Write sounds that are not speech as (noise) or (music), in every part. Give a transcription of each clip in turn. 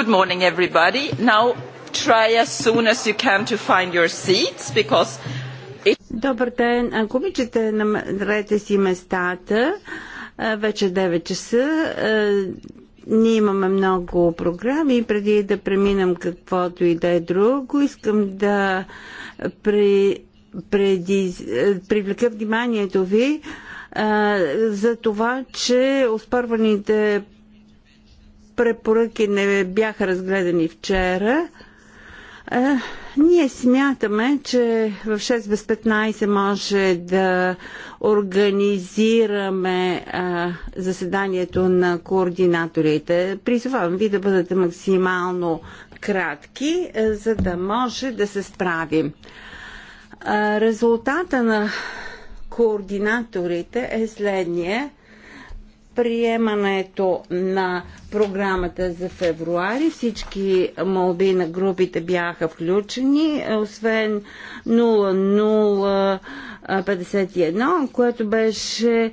Good morning, everybody. Now try as soon as you can to find your seats because it... Добър ден. Ако обичате, намерете си местата. Вече 9 е часа. Ние имаме много програми. Преди да преминем каквото и да е друго, искам да при, преди, привлека вниманието ви за това, че оспорваните препоръки не бяха разгледани вчера. Е, ние смятаме, че в 6 без 15 може да организираме е, заседанието на координаторите. Призовавам ви да бъдете максимално кратки, е, за да може да се справим. Е, резултата на координаторите е следния приемането на програмата за февруари. Всички молби на групите бяха включени, освен 0051, което беше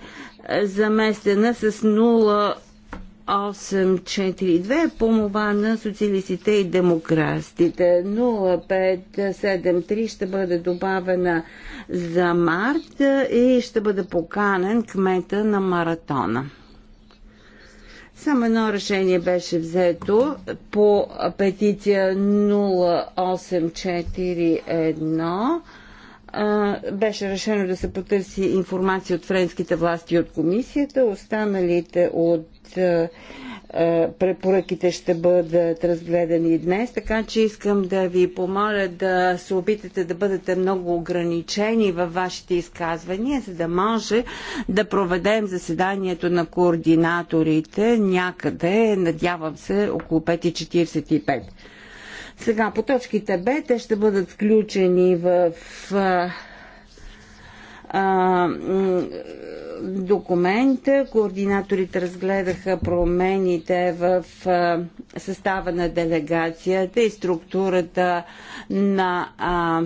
заместена с 0842 по мова на социалистите и демократите. 0573 ще бъде добавена за март и ще бъде поканен кмета на маратона. Само едно решение беше взето по петиция 0841. Беше решено да се потърси информация от френските власти и от комисията. Останалите от е, препоръките ще бъдат разгледани днес, така че искам да ви помоля да се опитате да бъдете много ограничени във вашите изказвания, за да може да проведем заседанието на координаторите някъде, надявам се, около 5.45. Сега по точките Б те ще бъдат включени в а, а, документа. Координаторите разгледаха промените в състава на делегацията и структурата на. А,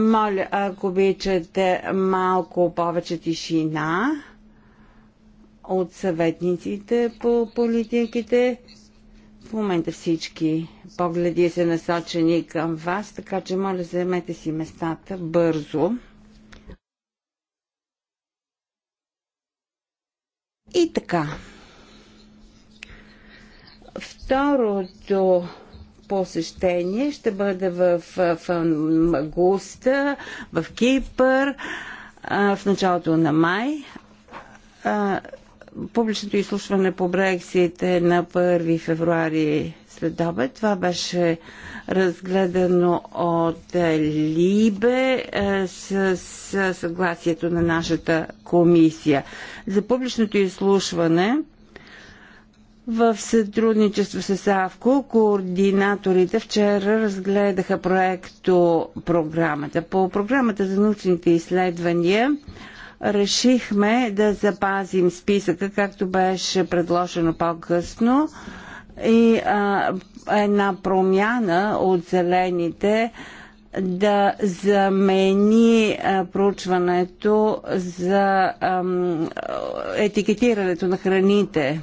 моля, ако обичате малко повече тишина от съветниците по политиките. В момента всички погледи са насочени към вас, така че моля, заемете си местата бързо. И така. Второто посещение ще бъде в, в, в Магуста, в Кипър, в началото на май. Публичното изслушване по Брексит е на 1 февруари след обед. Това беше разгледано от е, Либе е, с съгласието на нашата комисия. За публичното изслушване в сътрудничество с АВКО координаторите вчера разгледаха проекто програмата. По програмата за научните изследвания решихме да запазим списъка, както беше предложено по-късно. И а, една промяна от зелените да замени проучването за етикетирането на храните.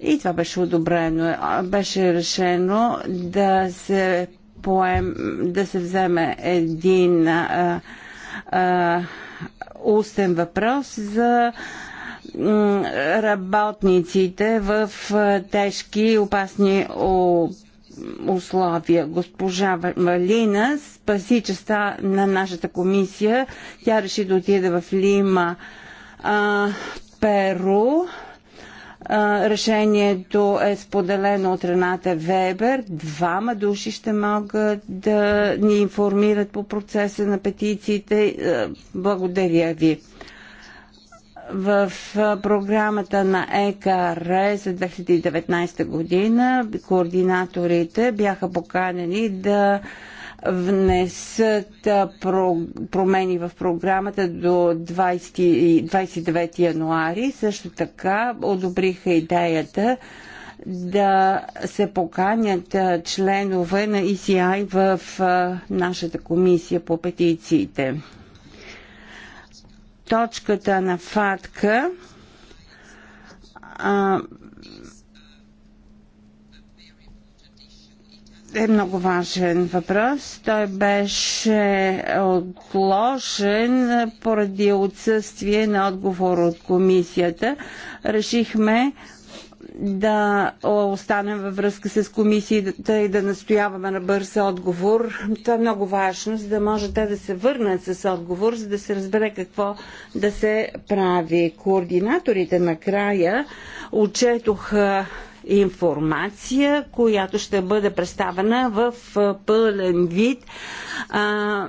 И това беше одобрено. Беше решено да се поем, да се вземе един а, а, устен въпрос за работниците в тежки и опасни условия. Госпожа Валина спаси частта на нашата комисия. Тя реши да отиде в Лима, а, Перу. А, решението е споделено от Рената Вебер. Двама души ще могат да ни информират по процеса на петициите. Е, благодаря ви в програмата на ЕКР за 2019 година координаторите бяха поканени да внесат промени в програмата до 20, 29 януари. Също така одобриха идеята да се поканят членове на ECI в нашата комисия по петициите точката на фатка а, е много важен въпрос. Той беше отложен поради отсъствие на отговор от комисията. Решихме да останем във връзка с комисията и да настояваме на бърз отговор. Това е много важно, за да може те да се върнат с отговор, за да се разбере какво да се прави. Координаторите накрая отчетоха информация, която ще бъде представена в пълен вид а,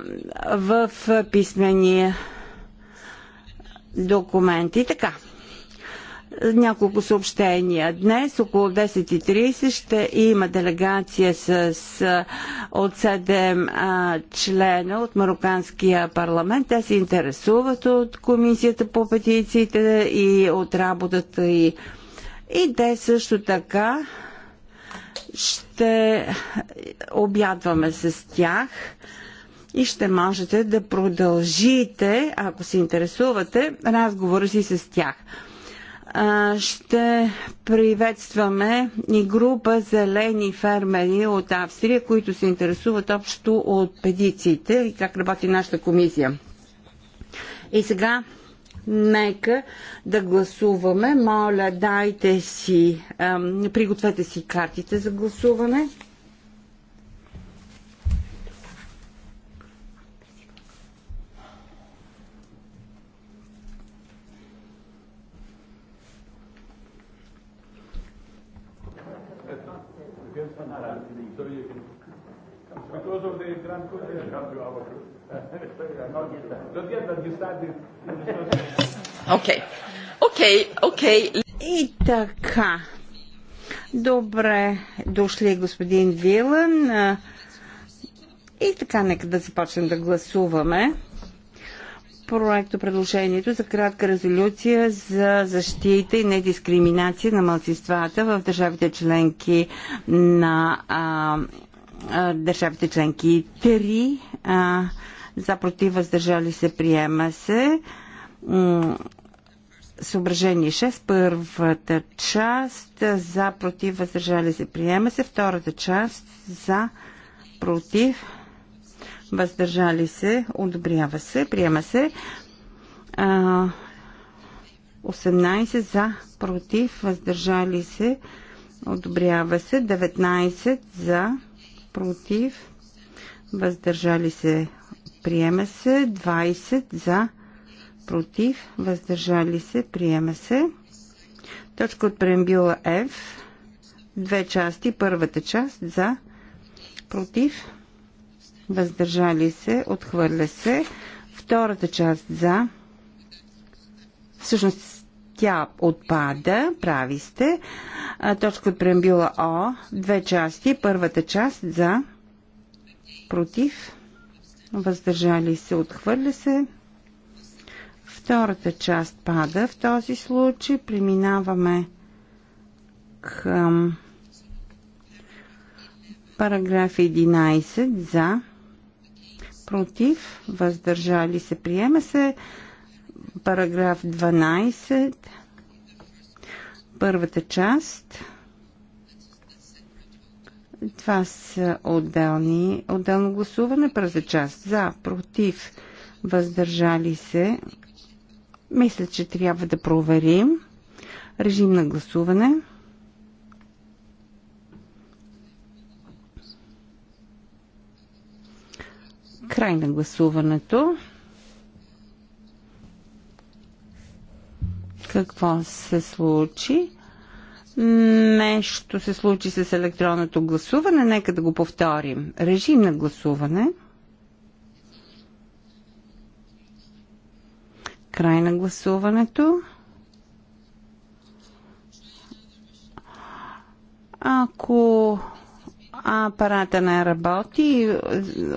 в писмения документ. И така, няколко съобщения. Днес около 10.30 ще има делегация с, от 7 а, члена от Марокканския парламент. Те се интересуват от комисията по петициите и от работата и, и те също така ще обядваме с тях и ще можете да продължите, ако се интересувате, разговора си с тях ще приветстваме и група зелени фермери от Австрия, които се интересуват общо от педициите и как работи нашата комисия. И сега нека да гласуваме. Моля, дайте си, пригответе си картите за гласуване. of the Grand Not yet, but decided. Okay. Okay, okay. И така. Добре дошли, господин Вилан. И така, нека да започнем да гласуваме проекто предложението за кратка резолюция за защита и недискриминация на малцинствата в държавите членки на а, държавите членки. 3 а, за против въздържали се приема се. Съображение 6. Първата част за против въздържали се приема се. Втората част за против въздържали се одобрява се. Приема се. А, 18 за против въздържали се одобрява се. 19 за против, въздържали се, приема се. 20 за, против, въздържали се, приема се. Точка от преамбила F. Две части. Първата част за, против, въздържали се, отхвърля се. Втората част за, всъщност тя отпада, прави сте. Точка от преамбюла О, две части. Първата част за, против, въздържали се, отхвърля се. Втората част пада. В този случай преминаваме към параграф 11 за, против, въздържали се, приема се. Параграф 12. Първата част. Това са отделни, отделно гласуване. Първата част за, против, въздържали се. Мисля, че трябва да проверим. Режим на гласуване. Край на гласуването. какво се случи. Нещо се случи с електронното гласуване. Нека да го повторим. Режим на гласуване. Край на гласуването. Ако апарата не работи,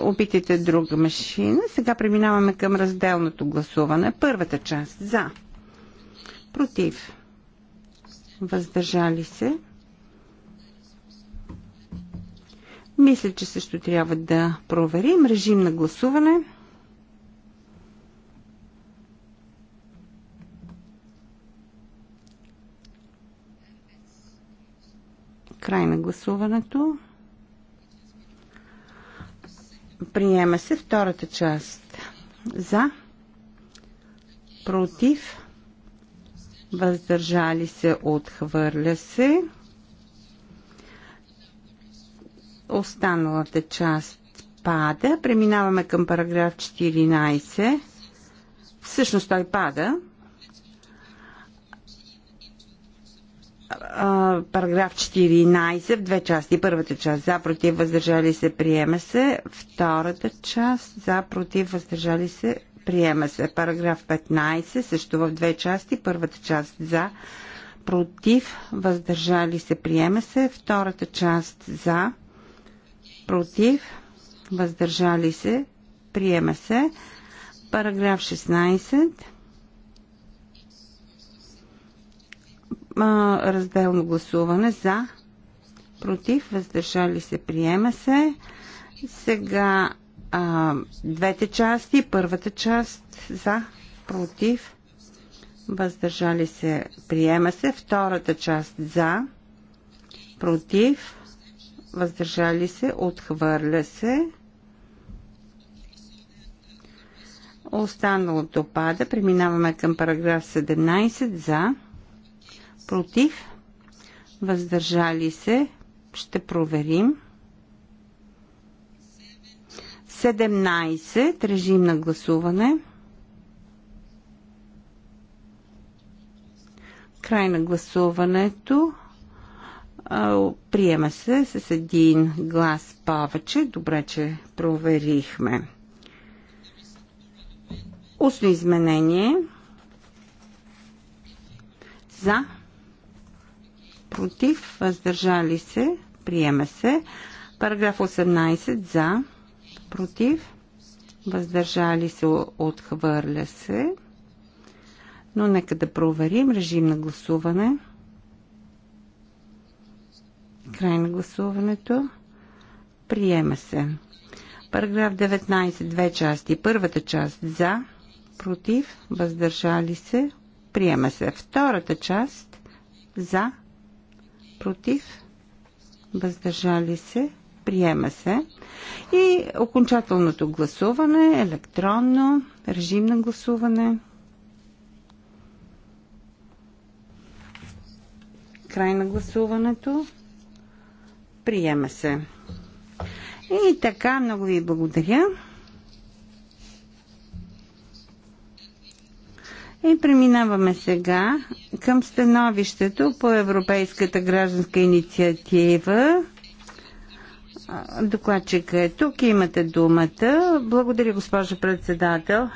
опитайте друга машина. Сега преминаваме към разделното гласуване. Първата част за против, въздържали се. Мисля, че също трябва да проверим режим на гласуване. Край на гласуването. Приема се втората част. За. Против въздържали се, отхвърля се. Останалата част пада. Преминаваме към параграф 14. Всъщност той пада. параграф 14 в две части. Първата част за, против, въздържали се, приема се. Втората част за, против, въздържали се, Приема се параграф 15, също в две части. Първата част за, против, въздържали се, приема се. Втората част за, против, въздържали се, приема се. Параграф 16. Разделно гласуване за, против, въздържали се, приема се. Сега а, двете части. Първата част за, против, въздържали се, приема се. Втората част за, против, въздържали се, отхвърля се. Останалото пада. Преминаваме към параграф 17 за, против, въздържали се. Ще проверим. 17. Режим на гласуване. Край на гласуването. Приема се с един глас повече. Добре, че проверихме. Устно изменение. За. Против. Въздържали се. Приема се. Параграф 18. За против, въздържали се, отхвърля се. Но нека да проверим режим на гласуване. Край на гласуването. Приема се. Параграф 19, две части. Първата част за, против, въздържали се, приема се. Втората част за, против, въздържали се, приема се. И окончателното гласуване, електронно, режим на гласуване. Край на гласуването. Приема се. И така, много ви благодаря. И преминаваме сега към становището по Европейската гражданска инициатива Докладчика е тук. Имате думата. Благодаря, госпожо председател.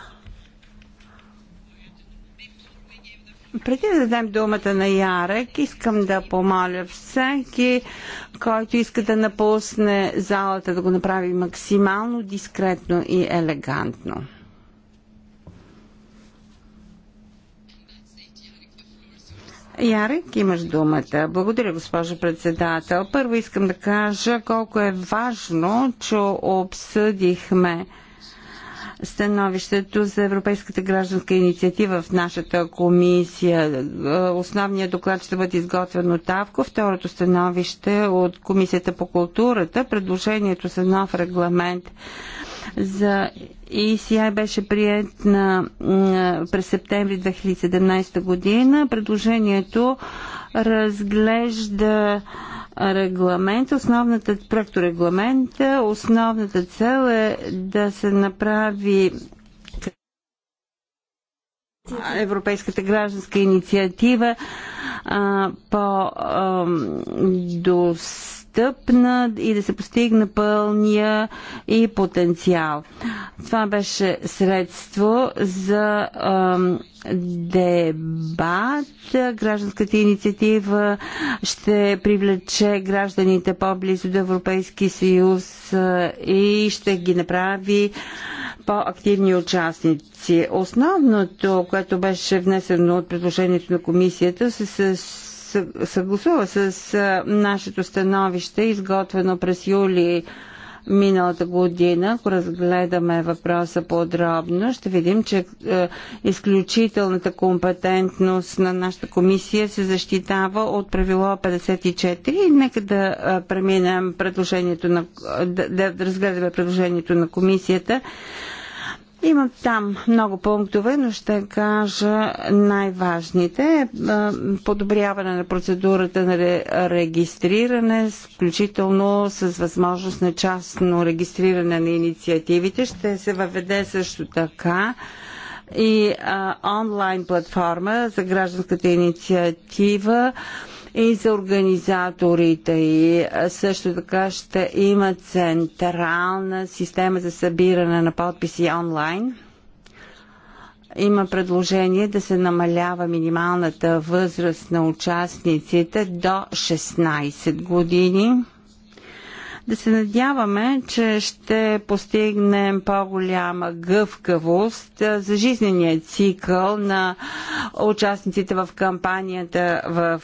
Преди да дадем думата на Ярек, искам да помоля всеки, който иска да напусне залата, да го направи максимално дискретно и елегантно. Ярик, имаш думата. Благодаря, госпожо председател. Първо искам да кажа колко е важно, че обсъдихме становището за Европейската гражданска инициатива в нашата комисия. Основният доклад ще бъде изготвен от Авко, второто становище от Комисията по културата, предложението за нов регламент за ECI беше прият на, през септември 2017 година. Предложението разглежда регламент, основната, проекторегламента, основната цел е да се направи Европейската гражданска инициатива по-достъпна достъпна и да се постигне пълния и потенциал. Това беше средство за дебат. Гражданската инициатива ще привлече гражданите по-близо до Европейски съюз и ще ги направи по-активни участници. Основното, което беше внесено от предложението на комисията, се състои съгласува с нашето становище, изготвено през юли миналата година, ако разгледаме въпроса подробно, ще видим, че е, изключителната компетентност на нашата комисия се защитава от правило 54. Нека да преминем предложението на, да, да разгледаме предложението на комисията Имам там много пунктове, но ще кажа най-важните. Е, подобряване на процедурата на регистриране, включително с възможност на частно регистриране на инициативите. Ще се въведе също така и а, онлайн платформа за гражданската инициатива. А, и за организаторите и също така ще има централна система за събиране на подписи онлайн. Има предложение да се намалява минималната възраст на участниците до 16 години да се надяваме, че ще постигнем по-голяма гъвкавост за жизнения цикъл на участниците в кампанията в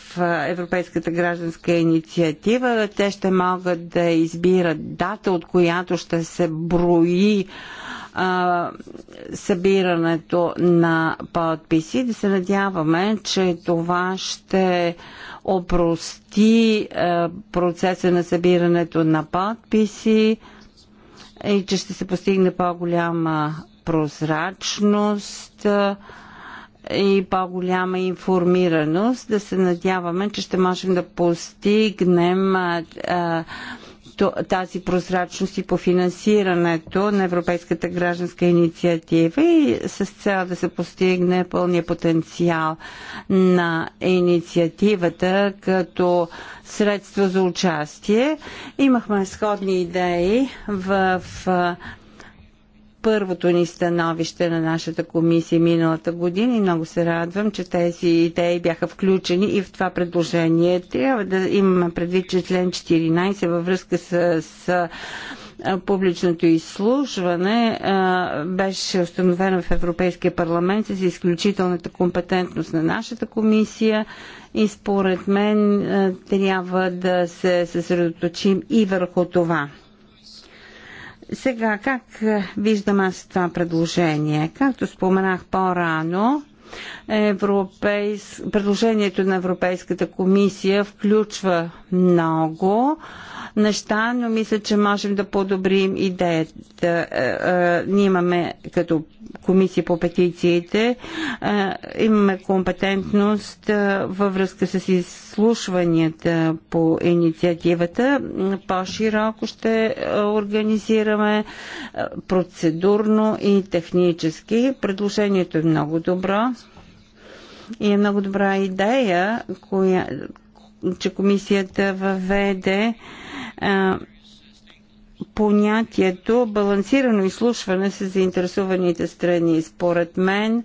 Европейската гражданска инициатива. Те ще могат да избират дата, от която ще се брои а, събирането на подписи. Да се надяваме, че това ще опрости а, процеса на събирането на подписи и че ще се постигне по-голяма прозрачност и по-голяма информираност. Да се надяваме, че ще можем да постигнем а, а, тази прозрачност и по финансирането на Европейската гражданска инициатива и с цел да се постигне пълния потенциал на инициативата като средство за участие. Имахме сходни идеи в първото ни становище на нашата комисия миналата година и много се радвам, че тези идеи бяха включени и в това предложение. Трябва да имаме предвид, че член 14 във връзка с, с публичното изслужване беше установено в Европейския парламент с изключителната компетентност на нашата комисия и според мен трябва да се съсредоточим и върху това. Сега, как е, виждам аз това предложение? Както споменах по-рано, Европейс... предложението на Европейската комисия включва много неща, но мисля, че можем да подобрим идеята. Е, е, ние имаме като комисия по петициите, е, имаме компетентност във връзка с изслушванията по инициативата. По-широко ще организираме процедурно и технически. Предложението е много добро и е много добра идея, коя, че комисията въведе понятието балансирано изслушване с заинтересованите страни. Според мен,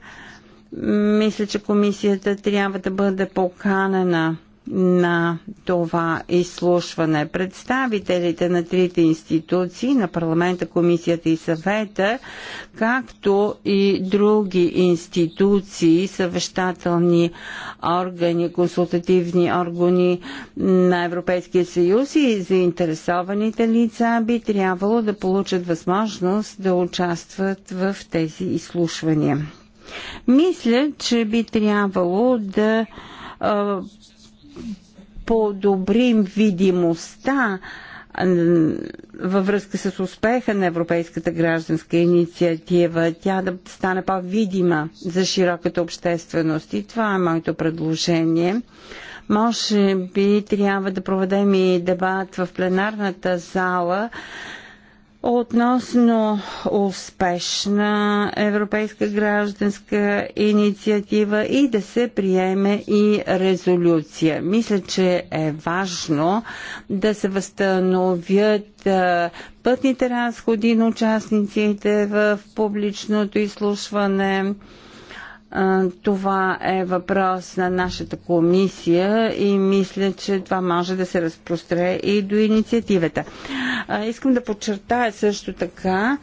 мисля, че комисията трябва да бъде поканена на това изслушване. Представителите на трите институции, на парламента, комисията и съвета, както и други институции, съвещателни органи, консултативни органи на Европейския съюз и заинтересованите лица би трябвало да получат възможност да участват в тези изслушвания. Мисля, че би трябвало да подобрим видимостта във връзка с успеха на Европейската гражданска инициатива, тя да стане по-видима за широката общественост. И това е моето предложение. Може би трябва да проведем и дебат в пленарната зала относно успешна европейска гражданска инициатива и да се приеме и резолюция. Мисля, че е важно да се възстановят пътните разходи на участниците в публичното изслушване това е въпрос на нашата комисия и мисля, че това може да се разпростре и до инициативата. Искам да подчертая също така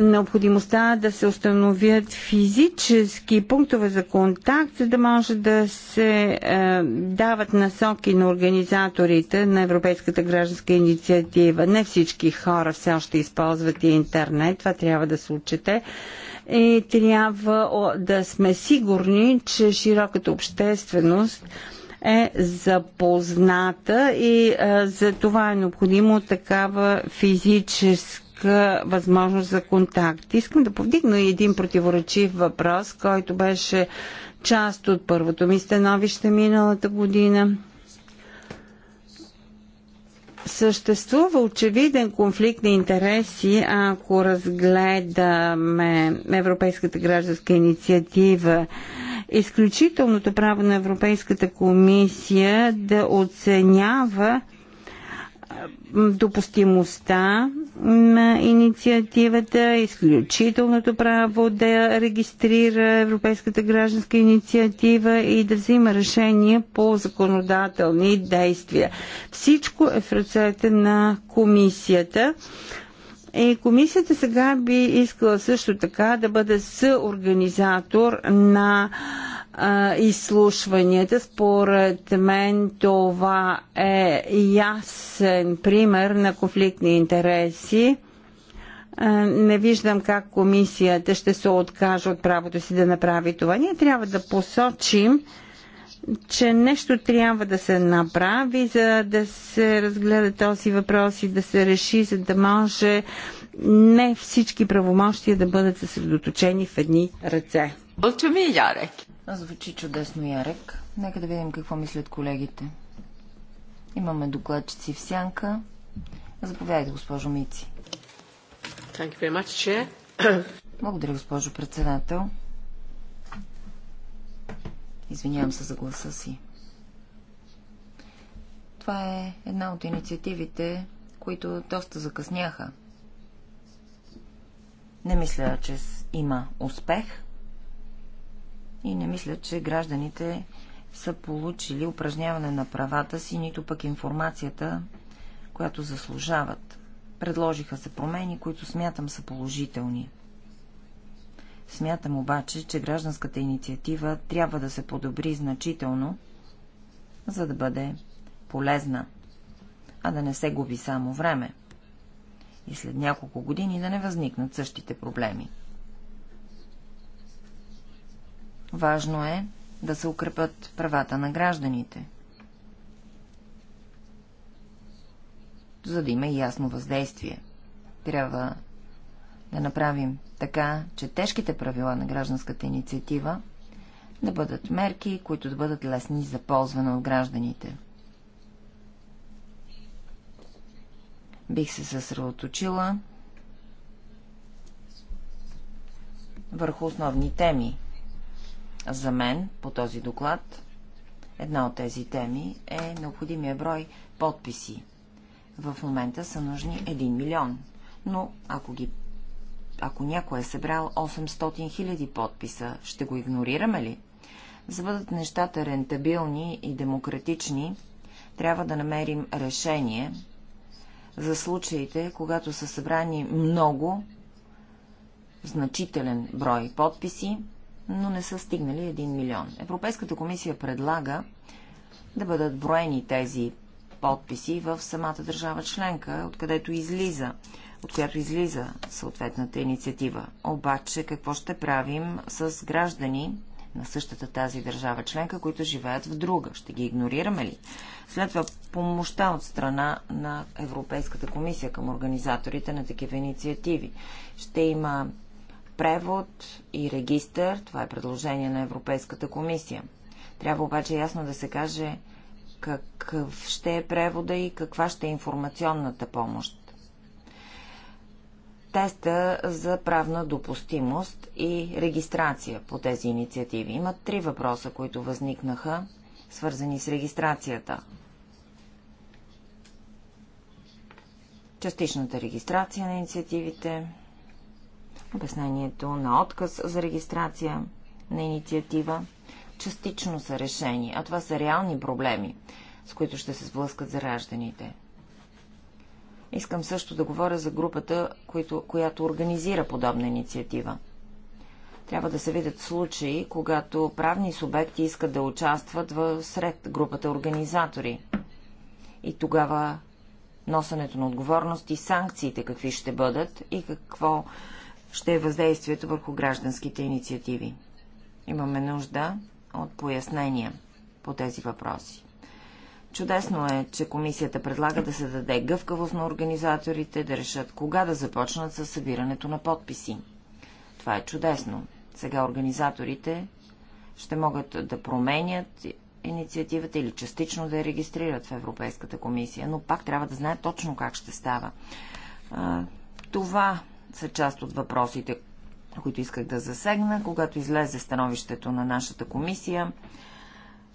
необходимостта да се установят физически пунктове за контакт, за да може да се е, дават насоки на организаторите на Европейската гражданска инициатива. Не всички хора все още използват и интернет, това трябва да се отчете и трябва да сме сигурни, че широката общественост е запозната и за това е необходимо такава физическа възможност за контакт. Искам да повдигна и един противоречив въпрос, който беше част от първото ми становище миналата година. Съществува очевиден конфликт на интереси, ако разгледаме Европейската гражданска инициатива. Изключителното право на Европейската комисия да оценява допустимостта на инициативата, изключителното право да регистрира Европейската гражданска инициатива и да взима решение по законодателни действия. Всичко е в ръцете на комисията. И комисията сега би искала също така да бъде съорганизатор на изслушванията. Според мен това е ясен пример на конфликтни интереси. Не виждам как комисията ще се откаже от правото си да направи това. Ние трябва да посочим, че нещо трябва да се направи, за да се разгледа този въпрос и да се реши, за да може не всички правомощия да бъдат съсредоточени в едни ръце. Благодаря, Ярек. Звучи чудесно, Ярек. Нека да видим какво мислят колегите. Имаме докладчици в сянка. Заповядайте, госпожо Мици. Much, Благодаря, госпожо председател. Извинявам се за гласа си. Това е една от инициативите, които доста закъсняха. Не мисля, че има успех, и не мисля, че гражданите са получили упражняване на правата си, нито пък информацията, която заслужават. Предложиха се промени, които смятам са положителни. Смятам обаче, че гражданската инициатива трябва да се подобри значително, за да бъде полезна, а да не се губи само време. И след няколко години да не възникнат същите проблеми. Важно е да се укрепят правата на гражданите, за да има и ясно въздействие. Трябва да направим така, че тежките правила на гражданската инициатива да бъдат мерки, които да бъдат лесни за ползване от гражданите. Бих се съсредоточила върху основни теми, за мен по този доклад. Една от тези теми е необходимия брой подписи. В момента са нужни 1 милион, но ако ги ако някой е събрал 800 хиляди подписа, ще го игнорираме ли? За да бъдат нещата рентабилни и демократични, трябва да намерим решение за случаите, когато са събрани много, значителен брой подписи но не са стигнали 1 милион. Европейската комисия предлага да бъдат броени тези подписи в самата държава членка, откъдето излиза, от която излиза съответната инициатива. Обаче, какво ще правим с граждани на същата тази държава членка, които живеят в друга? Ще ги игнорираме ли? След това помощта от страна на Европейската комисия към организаторите на такива инициативи. Ще има превод и регистър. Това е предложение на Европейската комисия. Трябва обаче ясно да се каже какъв ще е превода и каква ще е информационната помощ. Теста за правна допустимост и регистрация по тези инициативи. Има три въпроса, които възникнаха, свързани с регистрацията. Частичната регистрация на инициативите – Обяснението на отказ за регистрация на инициатива частично са решени, а това са реални проблеми, с които ще се сблъскат заражданите. Искам също да говоря за групата, които, която организира подобна инициатива. Трябва да се видят случаи, когато правни субекти искат да участват в сред групата организатори. И тогава носенето на отговорност и санкциите какви ще бъдат и какво ще е въздействието върху гражданските инициативи. Имаме нужда от пояснения по тези въпроси. Чудесно е, че комисията предлага да се даде гъвкавост на организаторите да решат кога да започнат с събирането на подписи. Това е чудесно. Сега организаторите ще могат да променят инициативата или частично да я регистрират в Европейската комисия, но пак трябва да знаят точно как ще става. Това са част от въпросите, които исках да засегна. Когато излезе становището на нашата комисия,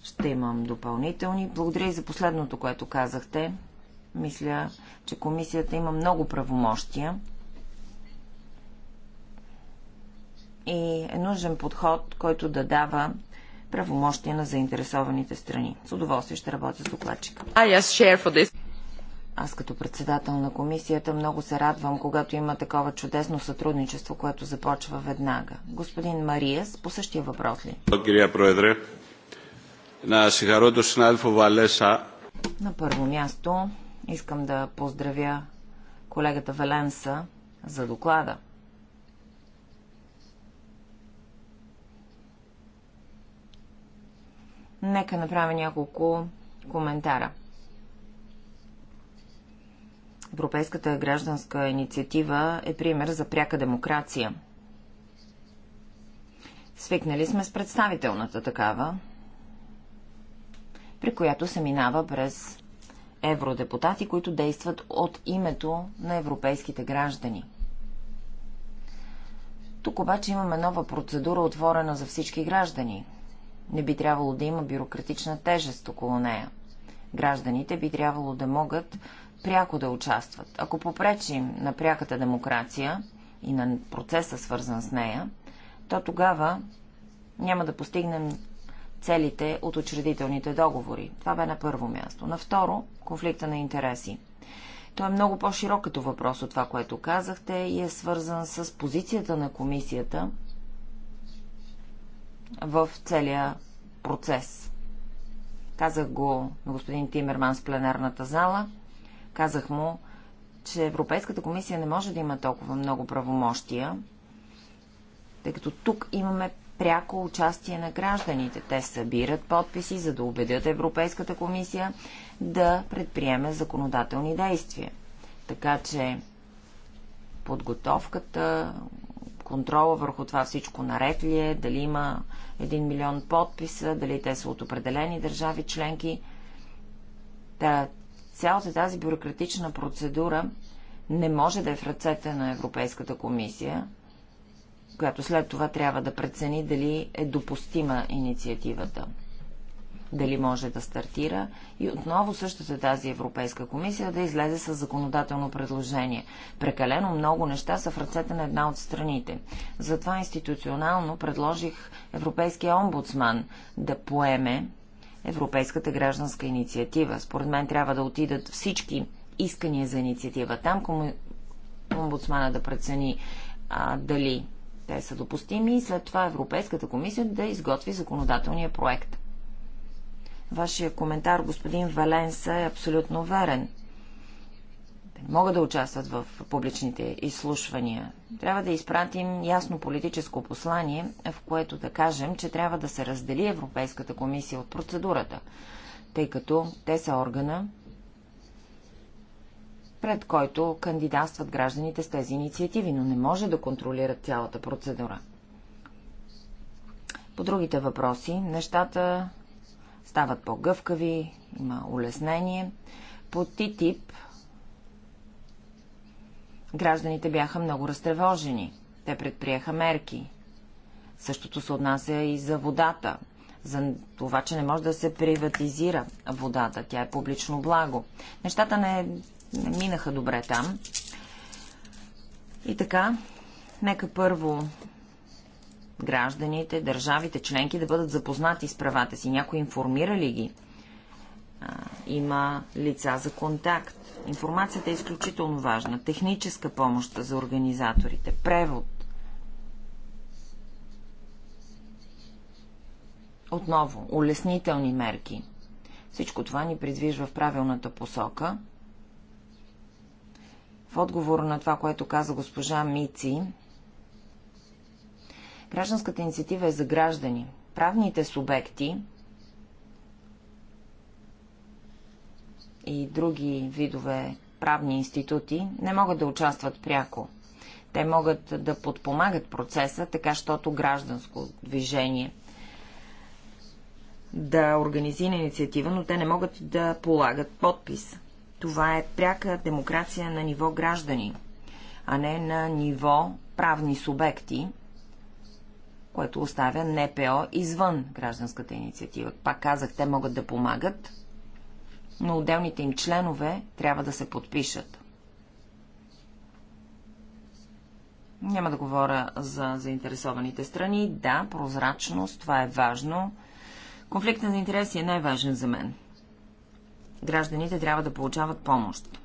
ще имам допълнителни. Благодаря и за последното, което казахте. Мисля, че комисията има много правомощия и е нужен подход, който да дава правомощия на заинтересованите страни. С удоволствие ще работя с докладчика. I ah, just share for this. Аз като председател на комисията много се радвам, когато има такова чудесно сътрудничество, което започва веднага. Господин Мариес, по същия въпрос ли? на На първо място искам да поздравя колегата Валенса за доклада. Нека направя няколко коментара – Европейската гражданска инициатива е пример за пряка демокрация. Свикнали сме с представителната такава, при която се минава през евродепутати, които действат от името на европейските граждани. Тук обаче имаме нова процедура, отворена за всички граждани. Не би трябвало да има бюрократична тежест около нея. Гражданите би трябвало да могат пряко да участват. Ако попречим на пряката демокрация и на процеса свързан с нея, то тогава няма да постигнем целите от учредителните договори. Това бе на първо място. На второ, конфликта на интереси. Той е много по-широк като въпрос от това, което казахте и е свързан с позицията на комисията в целия процес. Казах го на господин Тимерман с пленарната зала – Казах му, че Европейската комисия не може да има толкова много правомощия, тъй като тук имаме пряко участие на гражданите. Те събират подписи, за да убедят Европейската комисия да предприеме законодателни действия. Така че подготовката, контрола върху това всичко наред ли е, дали има един милион подписа, дали те са от определени държави членки цялата тази бюрократична процедура не може да е в ръцете на Европейската комисия, която след това трябва да прецени дали е допустима инициативата, дали може да стартира и отново същата тази Европейска комисия да излезе с законодателно предложение. Прекалено много неща са в ръцете на една от страните. Затова институционално предложих Европейския омбудсман да поеме Европейската гражданска инициатива. Според мен трябва да отидат всички искания за инициатива там, кому омбудсмана да прецени а, дали те са допустими и след това Европейската комисия да изготви законодателния проект. Вашия коментар, господин Валенса, е абсолютно верен – могат да участват в публичните изслушвания. Трябва да изпратим ясно политическо послание, в което да кажем, че трябва да се раздели Европейската комисия от процедурата, тъй като те са органа, пред който кандидатстват гражданите с тези инициативи, но не може да контролират цялата процедура. По другите въпроси, нещата стават по-гъвкави, има улеснение. По ТИТИП Гражданите бяха много разтревожени. Те предприеха мерки. Същото се отнася и за водата. За това, че не може да се приватизира водата. Тя е публично благо. Нещата не, не минаха добре там. И така, нека първо гражданите, държавите, членки да бъдат запознати с правата си. Някой информира ли ги? има лица за контакт. Информацията е изключително важна. Техническа помощ за организаторите, превод. Отново, улеснителни мерки. Всичко това ни придвижва в правилната посока. В отговор на това, което каза госпожа Мици, гражданската инициатива е за граждани. Правните субекти и други видове правни институти не могат да участват пряко. Те могат да подпомагат процеса, така щото гражданско движение да организира инициатива, но те не могат да полагат подпис. Това е пряка демокрация на ниво граждани, а не на ниво правни субекти, което оставя НПО извън гражданската инициатива. Пак казах, те могат да помагат, но отделните им членове трябва да се подпишат. Няма да говоря за заинтересованите страни. Да, прозрачност, това е важно. Конфликтът на интереси е най-важен за мен. Гражданите трябва да получават помощ.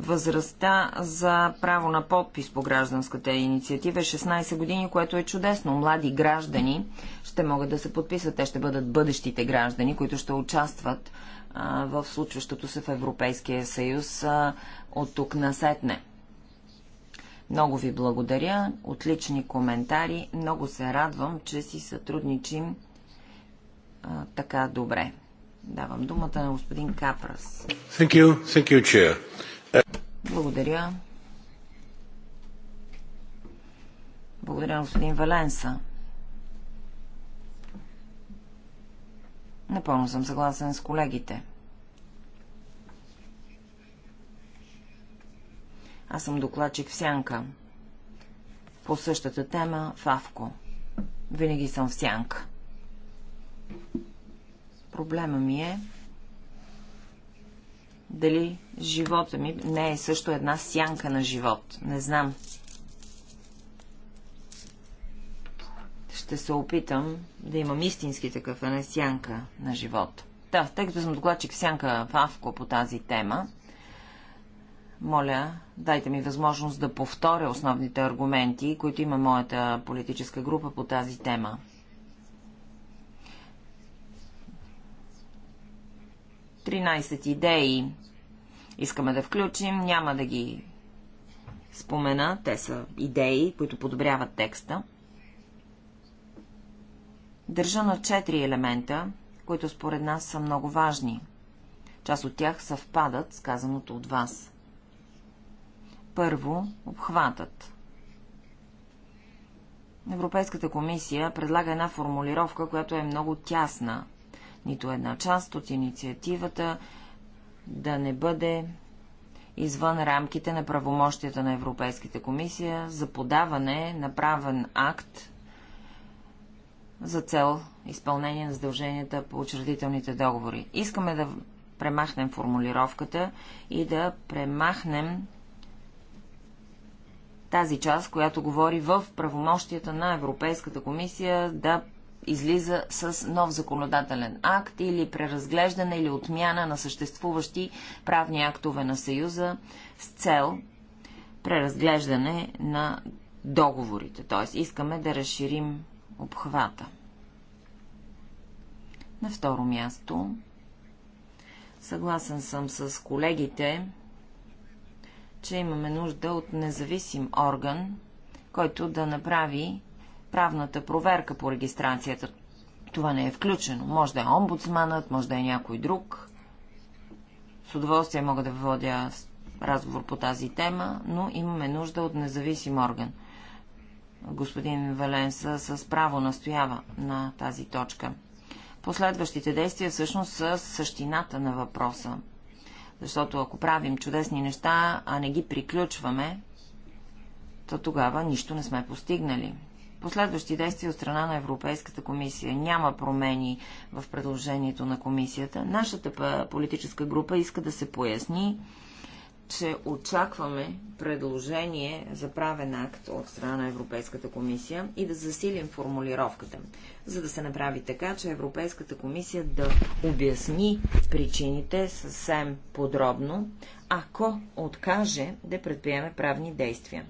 възрастта за право на подпис по гражданската инициатива е 16 години, което е чудесно. Млади граждани ще могат да се подписват. Те ще бъдат бъдещите граждани, които ще участват а, в случващото се в Европейския съюз а, от тук насетне. Много ви благодаря, отлични коментари. Много се радвам, че си сътрудничим а, така добре. Давам думата на господин Капрас. Thank you. Thank you, благодаря. Благодаря, господин Валенса. Напълно съм съгласен с колегите. Аз съм докладчик в Сянка. По същата тема в Авко. Винаги съм в Сянка. Проблема ми е, дали живота ми не е също една сянка на живот? Не знам. Ще се опитам да имам истински такъв, а не сянка на живот. Да, тъй като съм докладчик сянка в Авко по тази тема, моля, дайте ми възможност да повторя основните аргументи, които има моята политическа група по тази тема. 13 идеи искаме да включим, няма да ги спомена, те са идеи, които подобряват текста. Държа на 4 елемента, които според нас са много важни. Част от тях съвпадат с казаното от вас. Първо, обхватът. Европейската комисия предлага една формулировка, която е много тясна нито една част от инициативата да не бъде извън рамките на правомощията на Европейската комисия за подаване на правен акт за цел изпълнение на задълженията по учредителните договори. Искаме да премахнем формулировката и да премахнем тази част, която говори в правомощията на Европейската комисия да излиза с нов законодателен акт или преразглеждане или отмяна на съществуващи правни актове на Съюза с цел преразглеждане на договорите. Т.е. искаме да разширим обхвата. На второ място, съгласен съм с колегите, че имаме нужда от независим орган, който да направи правната проверка по регистрацията. Това не е включено. Може да е омбудсманът, може да е някой друг. С удоволствие мога да водя разговор по тази тема, но имаме нужда от независим орган. Господин Валенса с право настоява на тази точка. Последващите действия всъщност са същината на въпроса. Защото ако правим чудесни неща, а не ги приключваме, то тогава нищо не сме постигнали последващи действия от страна на Европейската комисия. Няма промени в предложението на комисията. Нашата политическа група иска да се поясни, че очакваме предложение за правен акт от страна на Европейската комисия и да засилим формулировката, за да се направи така, че Европейската комисия да обясни причините съвсем подробно, ако откаже да предприеме правни действия.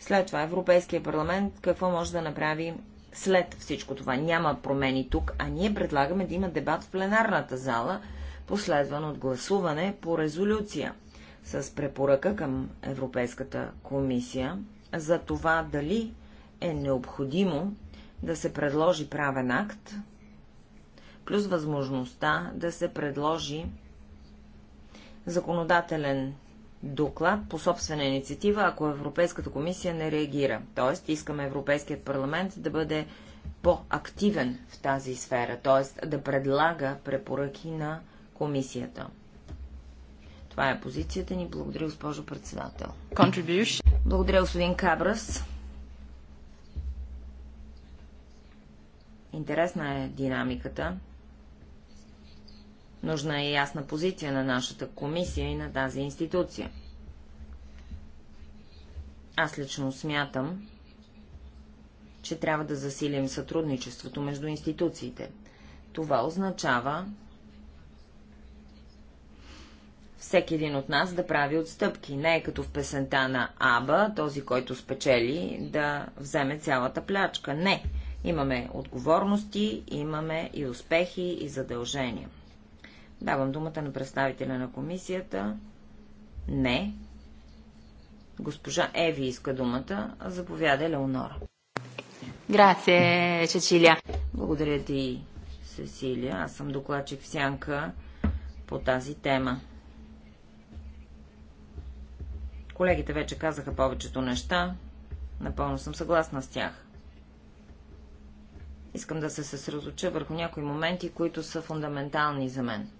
След това Европейския парламент какво може да направи след всичко това? Няма промени тук, а ние предлагаме да има дебат в пленарната зала, последван от гласуване по резолюция с препоръка към Европейската комисия за това дали е необходимо да се предложи правен акт, плюс възможността да се предложи законодателен доклад по собствена инициатива, ако Европейската комисия не реагира. Тоест, искаме Европейският парламент да бъде по-активен в тази сфера, т.е. да предлага препоръки на комисията. Това е позицията ни. Благодаря, госпожо председател. Contribution. Благодаря, господин Кабрас. Интересна е динамиката. Нужна е ясна позиция на нашата комисия и на тази институция. Аз лично смятам, че трябва да засилим сътрудничеството между институциите. Това означава всеки един от нас да прави отстъпки. Не е като в песента на Аба, този, който спечели, да вземе цялата плячка. Не. Имаме отговорности, имаме и успехи, и задължения. Давам думата на представителя на комисията. Не. Госпожа Еви иска думата. Заповяда Леонора. Грация, Чечилия. Благодаря ти, Сесилия. Аз съм докладчик в сянка по тази тема. Колегите вече казаха повечето неща. Напълно съм съгласна с тях. Искам да се съсредоча върху някои моменти, които са фундаментални за мен.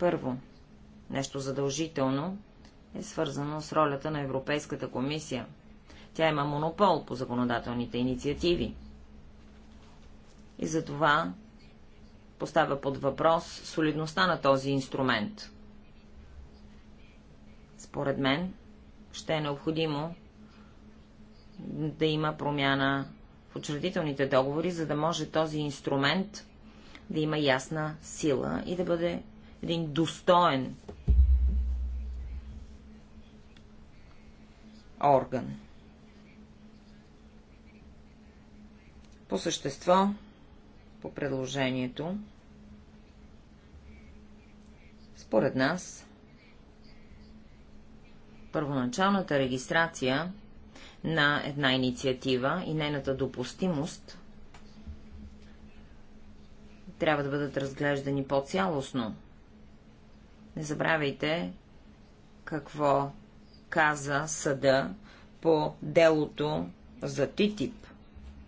Първо, нещо задължително е свързано с ролята на Европейската комисия. Тя има монопол по законодателните инициативи. И затова поставя под въпрос солидността на този инструмент. Според мен ще е необходимо да има промяна в учредителните договори, за да може този инструмент да има ясна сила и да бъде един достоен орган. По същество, по предложението, според нас, първоначалната регистрация на една инициатива и нейната допустимост трябва да бъдат разглеждани по-цялостно, не забравяйте какво каза съда по делото за ТИТИП.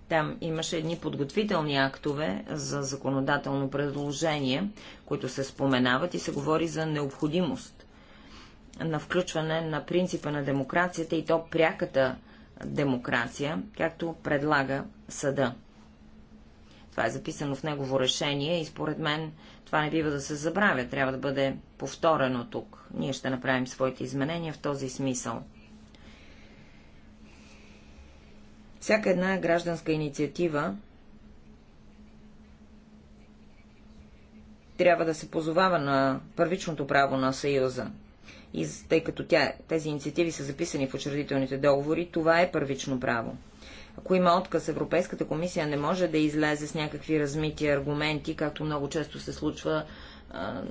Там имаше едни подготвителни актове за законодателно предложение, които се споменават и се говори за необходимост на включване на принципа на демокрацията и то пряката демокрация, както предлага съда. Това е записано в негово решение и според мен това не бива да се забравя, трябва да бъде повторено тук. Ние ще направим своите изменения в този смисъл. Всяка една гражданска инициатива трябва да се позовава на първичното право на Съюза. И тъй като тя, тези инициативи са записани в учредителните договори, това е първично право. Ако има отказ, Европейската комисия не може да излезе с някакви размити аргументи, както много често се случва а,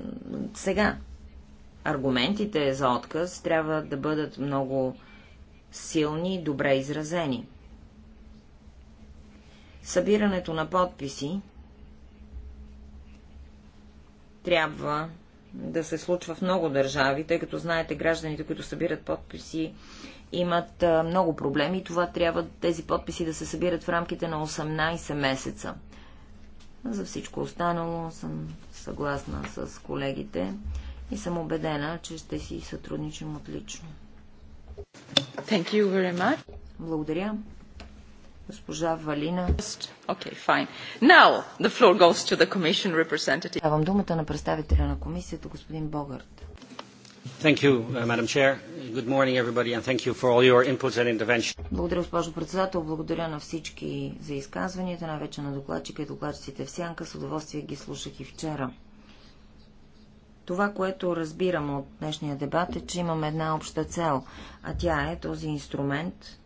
сега. Аргументите за отказ трябва да бъдат много силни, и добре изразени. Събирането на подписи трябва да се случва в много държави, тъй като знаете, гражданите, които събират подписи, имат много проблеми и това трябва тези подписи да се събират в рамките на 18 месеца. За всичко останало съм съгласна с колегите и съм убедена, че ще си сътрудничим отлично. Thank you very much. Благодаря. Госпожа Валина. Okay, fine. Now the floor goes to the commission representative. Давам думата на представителя на комисията, господин Богарт. Благодаря, госпожо председател. Благодаря на всички за изказванията, най-вече на докладчика и докладчиците в сянка. С удоволствие ги слушах и вчера. Това, което разбирам от днешния дебат е, че имаме една обща цел, а тя е този инструмент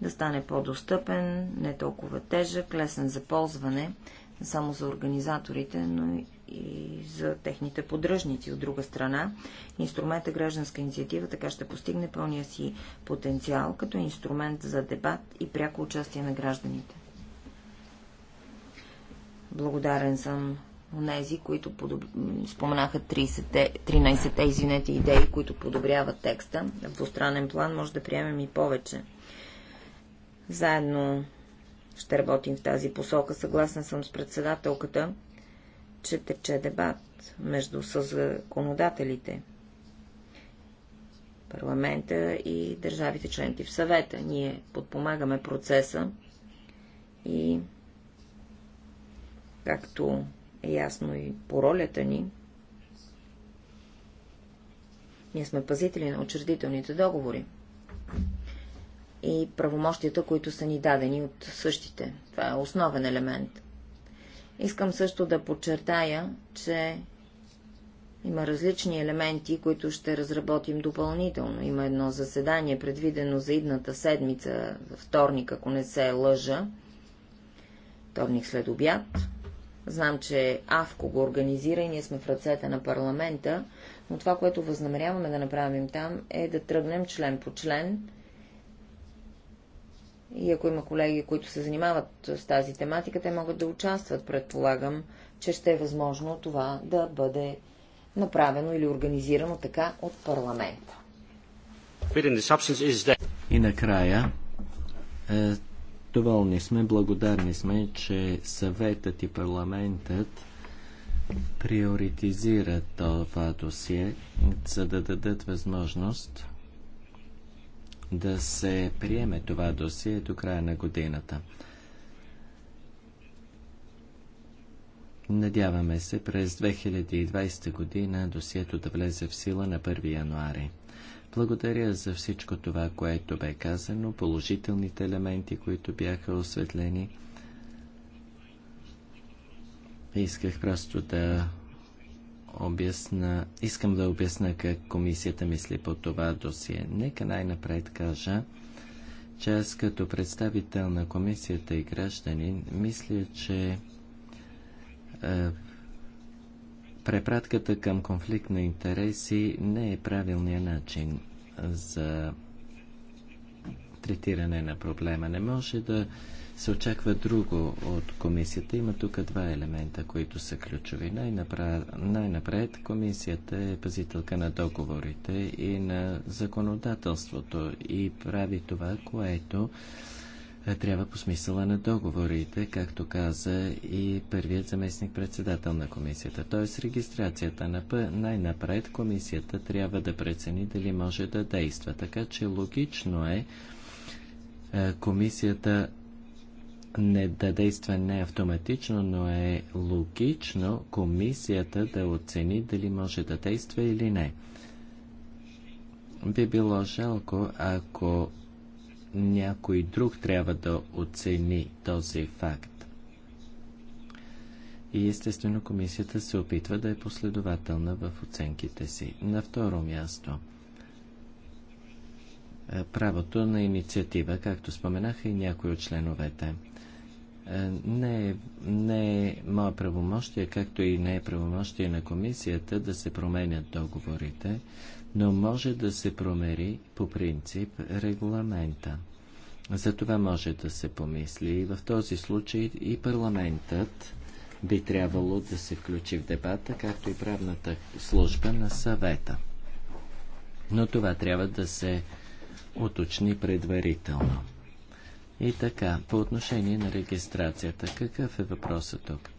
да стане по-достъпен, не толкова тежък, лесен за ползване, не само за организаторите, но и и за техните поддръжници. От друга страна, инструмента гражданска инициатива така ще постигне пълния си потенциал като инструмент за дебат и пряко участие на гражданите. Благодарен съм нези, които подоб... споменаха 30-те, 13-те, извинете, идеи, които подобряват текста. В двустранен план може да приемем и повече. Заедно ще работим в тази посока. Съгласна съм с председателката, че тече дебат между съзаконодателите, парламента и държавите членки в съвета. Ние подпомагаме процеса и, както е ясно и по ролята ни, ние сме пазители на учредителните договори и правомощията, които са ни дадени от същите. Това е основен елемент. Искам също да подчертая, че има различни елементи, които ще разработим допълнително. Има едно заседание, предвидено за идната седмица, вторник, ако не се лъжа, вторник след обяд. Знам, че АВКО го организира и ние сме в ръцете на парламента, но това, което възнамеряваме да направим там, е да тръгнем член по член и ако има колеги, които се занимават с тази тематика, те могат да участват. Предполагам, че ще е възможно това да бъде направено или организирано така от парламента. И накрая, е, доволни сме, благодарни сме, че съветът и парламентът приоритизират това досие, за да дадат възможност да се приеме това досие до края на годината. Надяваме се през 2020 година досието да влезе в сила на 1 януари. Благодаря за всичко това, което бе казано, положителните елементи, които бяха осветлени. Исках просто да обясна, искам да обясна как комисията мисли по това досие. Нека най-напред кажа, че аз като представител на комисията и гражданин мисля, че е, препратката към конфликт на интереси не е правилният начин за третиране на проблема. Не може да се очаква друго от комисията. Има тук два елемента, които са ключови. Най-напред, най комисията е пазителка на договорите и на законодателството и прави това, което е, трябва по смисъла на договорите, както каза и първият заместник председател на комисията. Т.е. регистрацията на П най-напред комисията трябва да прецени дали може да действа. Така че логично е, е комисията не да действа не автоматично, но е логично комисията да оцени дали може да действа или не. Би било жалко, ако някой друг трябва да оцени този факт. И естествено комисията се опитва да е последователна в оценките си. На второ място е, правото на инициатива, както споменаха и някои от членовете. Е, не е, не е мое правомощие, както и не е правомощие на комисията да се променят договорите, но може да се промери по принцип регламента. За това може да се помисли и в този случай и парламентът би трябвало да се включи в дебата, както и правната служба на съвета. Но това трябва да се уточни предварително. И така, по отношение на регистрацията, какъв е въпросът тук?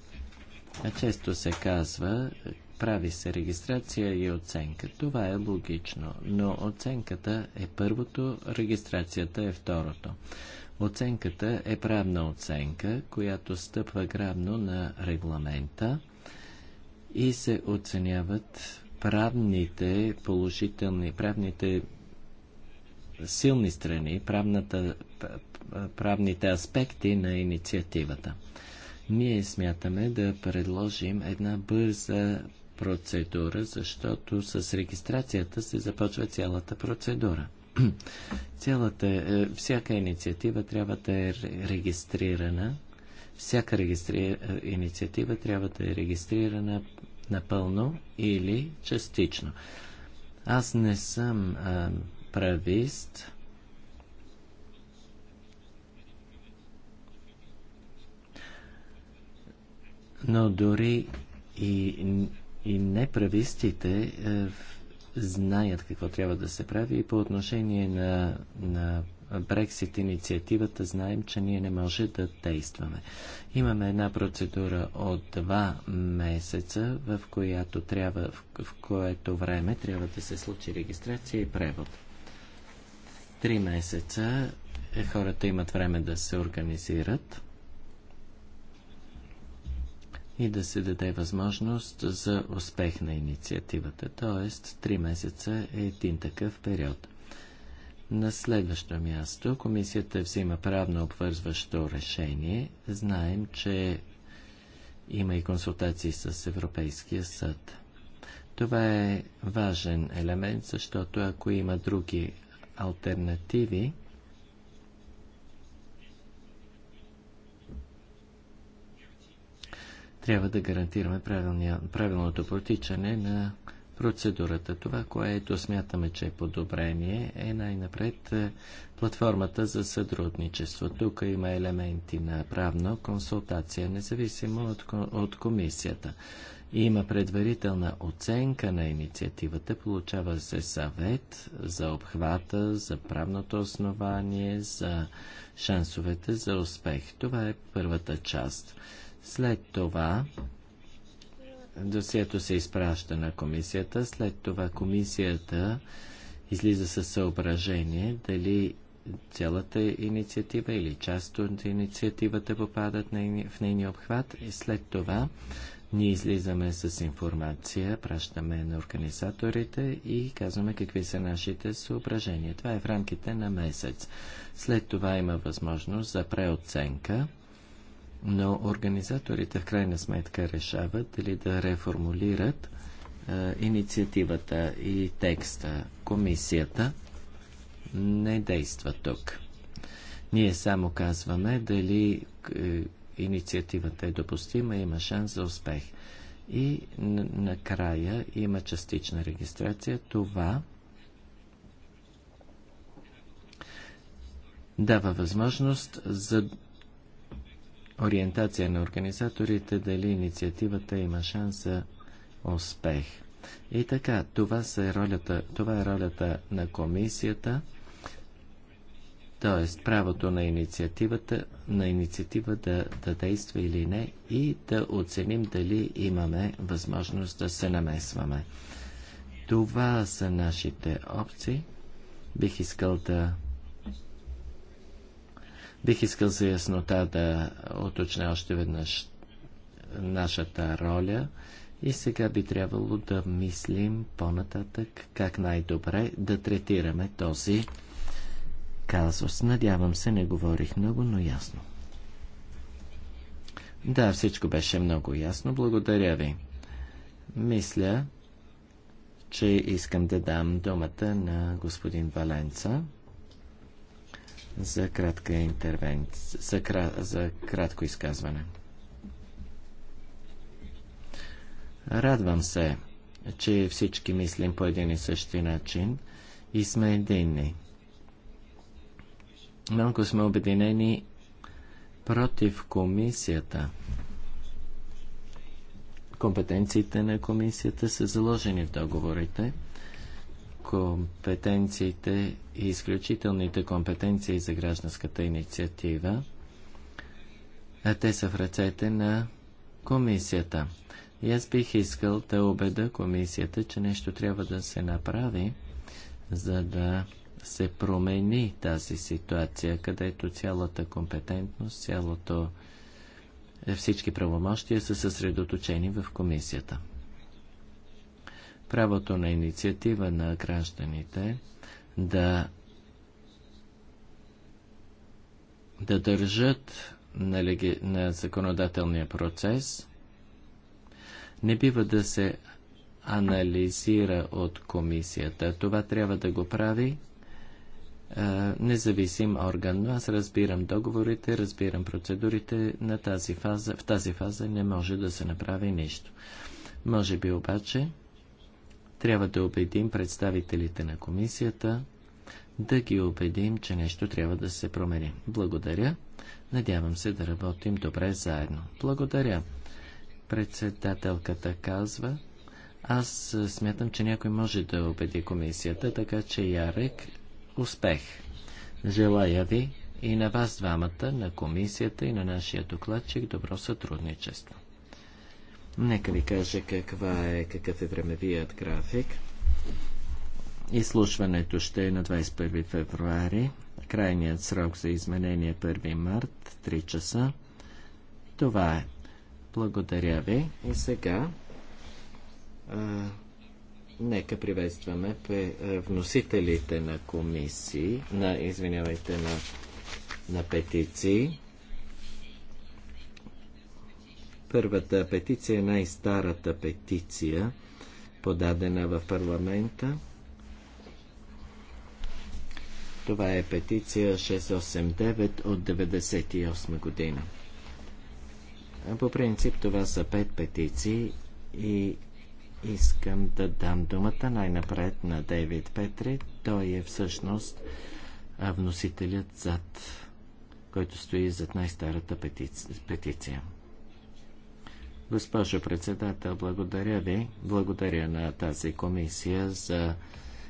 А често се казва, прави се регистрация и оценка. Това е логично, но оценката е първото, регистрацията е второто. Оценката е правна оценка, която стъпва грабно на регламента и се оценяват правните положителни, правните силни страни, правната, правните аспекти на инициативата. Ние смятаме да предложим една бърза процедура, защото с регистрацията се започва цялата процедура. (clears throat) Цялата, е, всяка инициатива трябва да е регистрирана. Всяка регистри... Е, инициатива трябва да е регистрирана напълно или частично. Аз не съм а, правист. Но дори и, и неправистите е, знаят какво трябва да се прави и по отношение на, на Брексит инициативата знаем, че ние не може да действаме. Имаме една процедура от два месеца, в която трябва, в което време трябва да се случи регистрация и превод. Три месеца е, хората имат време да се организират и да се даде възможност за успех на инициативата. Тоест, три месеца е един такъв период. На следващо място комисията взима правно обвързващо решение. Знаем, че има и консултации с Европейския съд. Това е важен елемент, защото ако има други альтернативи, трябва да гарантираме правилното протичане на процедурата. Това, което смятаме, че е подобрение, е най-напред е, платформата за сътрудничество. Тук има елементи на правна консултация, независимо от комисията. Има предварителна оценка на инициативата, получава се съвет за обхвата, за правното основание, за шансовете за успех. Това е първата част. След това досието се изпраща на комисията, след това комисията излиза със съображение дали цялата инициатива или част от инициативата попадат в нейния обхват и след това ние излизаме с информация, пращаме на организаторите и казваме какви са нашите съображения. Това е в рамките на месец. След това има възможност за преоценка, но организаторите в крайна сметка решават дали да реформулират е, инициативата и текста. Комисията не действа тук. Ние само казваме дали е, инициативата е допустима, има шанс за успех. И накрая има частична регистрация. Това дава възможност за ориентация на организаторите дали инициативата има шанс за успех. И така, това, са ролята, това е ролята на комисията – т.е. правото на инициативата, на инициатива да, да действа или не и да оценим дали имаме възможност да се намесваме. Това са нашите опции. Бих искал да Бих искал за яснота да оточня още веднъж нашата роля и сега би трябвало да мислим по-нататък как най-добре да третираме този казус. Надявам се, не говорих много, но ясно. Да, всичко беше много ясно. Благодаря ви. Мисля, че искам да дам думата на господин Валенца за кратка интервенция, за, кра... за кратко изказване. Радвам се, че всички мислим по един и същи начин и сме единни. Малко сме обединени против комисията. Компетенциите на комисията са заложени в договорите. Компетенциите и изключителните компетенции за гражданската инициатива, а те са в ръцете на комисията. И аз бих искал да убеда комисията, че нещо трябва да се направи, за да се промени тази ситуация, където цялата компетентност, цялото е, всички правомощия са съсредоточени в комисията. Правото на инициатива на гражданите да да държат на, леги... на законодателния процес не бива да се анализира от комисията. Това трябва да го прави е, независим орган. Но аз разбирам договорите, разбирам процедурите. На тази фаза, в тази фаза не може да се направи нищо. Може би обаче трябва да убедим представителите на комисията, да ги убедим, че нещо трябва да се промени. Благодаря. Надявам се да работим добре заедно. Благодаря. Председателката казва, аз смятам, че някой може да убеди комисията, така че Ярек успех. Желая ви и на вас двамата, на комисията и на нашия докладчик добро сътрудничество. Нека ви кажа каква е, какъв е времевият график. Изслушването ще е на 21 февруари. Крайният срок за изменение 1 е март, 3 часа. Това е. Благодаря ви. И сега Нека приветстваме е, вносителите на комисии, на, извинявайте, на, на петиции. Първата петиция е най-старата петиция, подадена в парламента. Това е петиция 689 от 1998 година. По принцип това са пет петиции и Искам да дам думата най-напред на Дейвид Петри. Той е всъщност вносителят зад, който стои зад най-старата петиция. Госпожо председател, благодаря ви. Благодаря на тази комисия за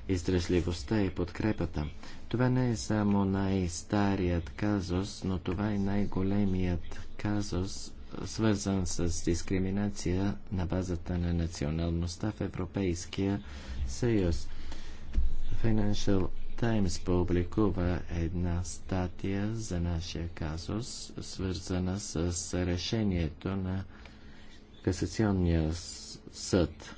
издръжливостта и подкрепата. Това не е само най-старият казус, но това е най-големият казус свързан с дискриминация на базата на националността в Европейския съюз. Financial Times публикува една статия за нашия казус, свързана с решението на касационния съд.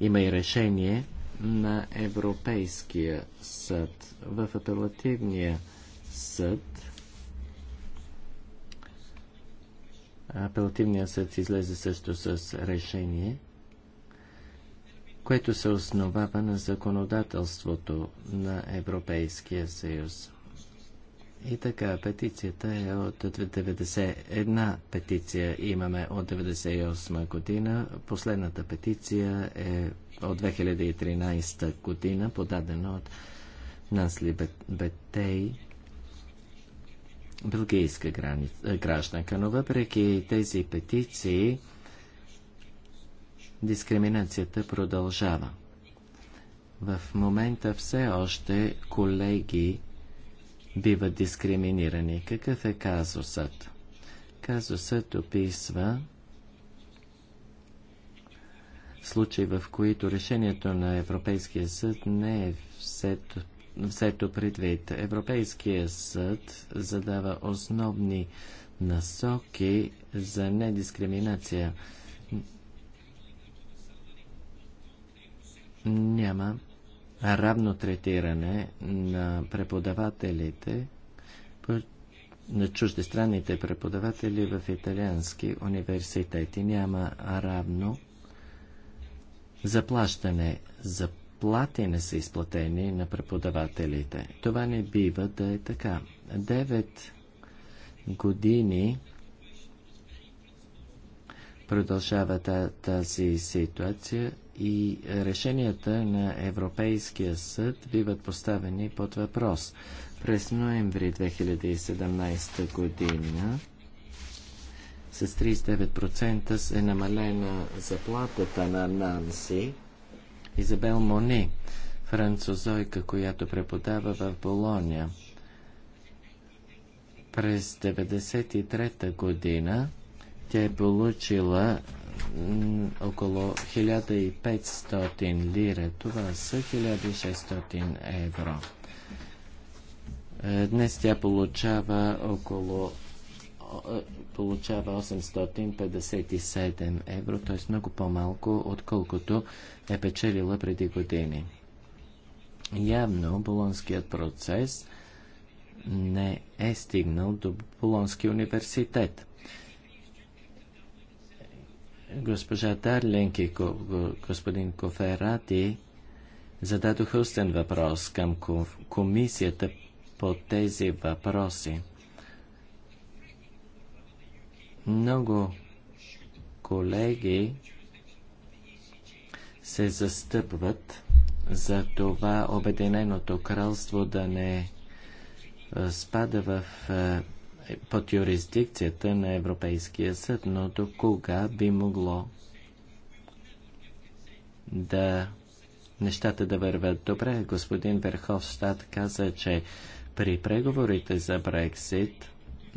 Има и решение на Европейския съд. В апелативния съд Апелативният съд излезе също с решение, което се основава на законодателството на Европейския съюз. И така, петицията е от 90. Една петиция имаме от 98 година. Последната петиция е от 2013 година, подадена от Насли Бетей бългийска е, гражданка, но въпреки тези петиции, дискриминацията продължава. В момента все още колеги биват дискриминирани. Какъв е казусът? Казусът описва случаи, в които решението на Европейския съд не е взето взето предвид. Европейския съд задава основни насоки за недискриминация. Няма равно третиране на преподавателите, на чуждестранните преподаватели в италиански университети. Няма равно заплащане за плати не са изплатени на преподавателите. Това не бива да е така. Девет години продължава тази ситуация и решенията на Европейския съд биват поставени под въпрос. През ноември 2017 година с 39% е намалена заплатата на Нанси Изабел Мони, французойка, която преподава в Болония. През 1993 година тя е получила около 1500 лира. Това са 1600 евро. Е, днес тя получава около получава 857 евро, т.е. много по-малко, отколкото е печелила преди години. Явно Болонският процес не е стигнал до Болонския университет. Госпожа Дарлинг и господин Коферати зададоха устен въпрос към комисията по тези въпроси. Много колеги се застъпват за това Обединеното кралство да не е, спада в е, под юрисдикцията на Европейския съд, но до кога би могло да нещата да вървят добре. Господин Верховстат каза, че при преговорите за Брексит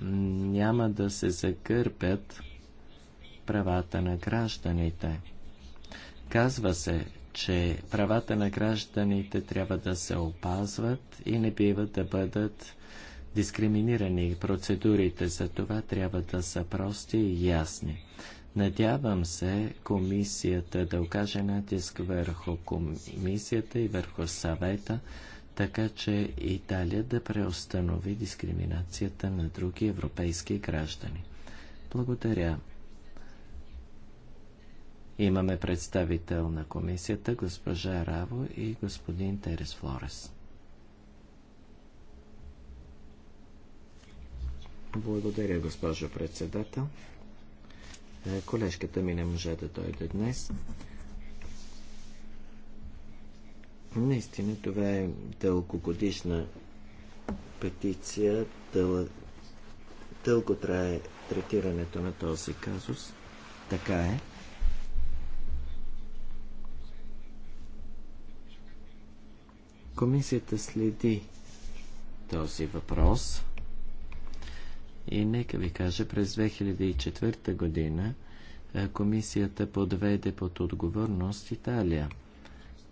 няма да се закърпят правата на гражданите. Казва се, че правата на гражданите трябва да се опазват и не бива да бъдат дискриминирани. Процедурите за това трябва да са прости и ясни. Надявам се комисията да окаже натиск върху комисията и върху съвета, така че Италия да преустанови дискриминацията на други европейски граждани. Благодаря. Имаме представител на комисията, госпожа Раво и господин Терес Флорес. Благодаря, госпожо председател. Е, колежката ми не може да дойде днес. Наистина това е дългогодишна петиция, дъл... дълго трае третирането на този казус. Така е. Комисията следи този въпрос и нека ви кажа, през 2004 година комисията подведе под отговорност Италия –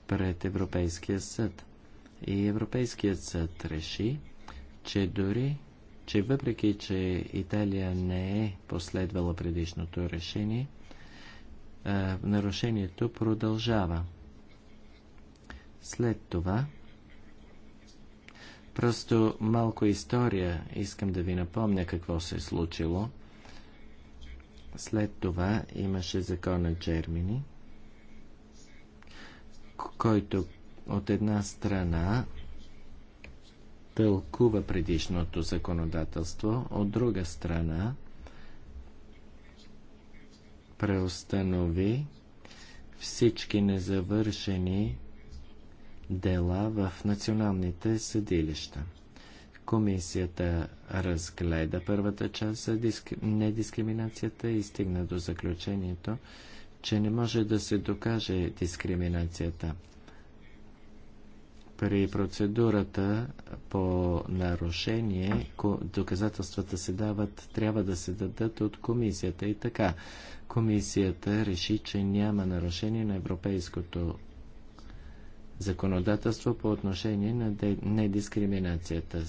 пред Европейския съд. И Европейският съд реши, че дори, че въпреки, че Италия не е последвала предишното решение, нарушението продължава. След това, просто малко история, искам да ви напомня какво се е случило. След това имаше закона Джермини – който от една страна тълкува предишното законодателство, от друга страна преустанови всички незавършени дела в националните съдилища. Комисията разгледа първата част за диск... недискриминацията и стигна до заключението, че не може да се докаже дискриминацията. При процедурата по нарушение доказателствата се дават, трябва да се дадат от комисията и така. Комисията реши, че няма нарушение на европейското законодателство по отношение на недискриминацията.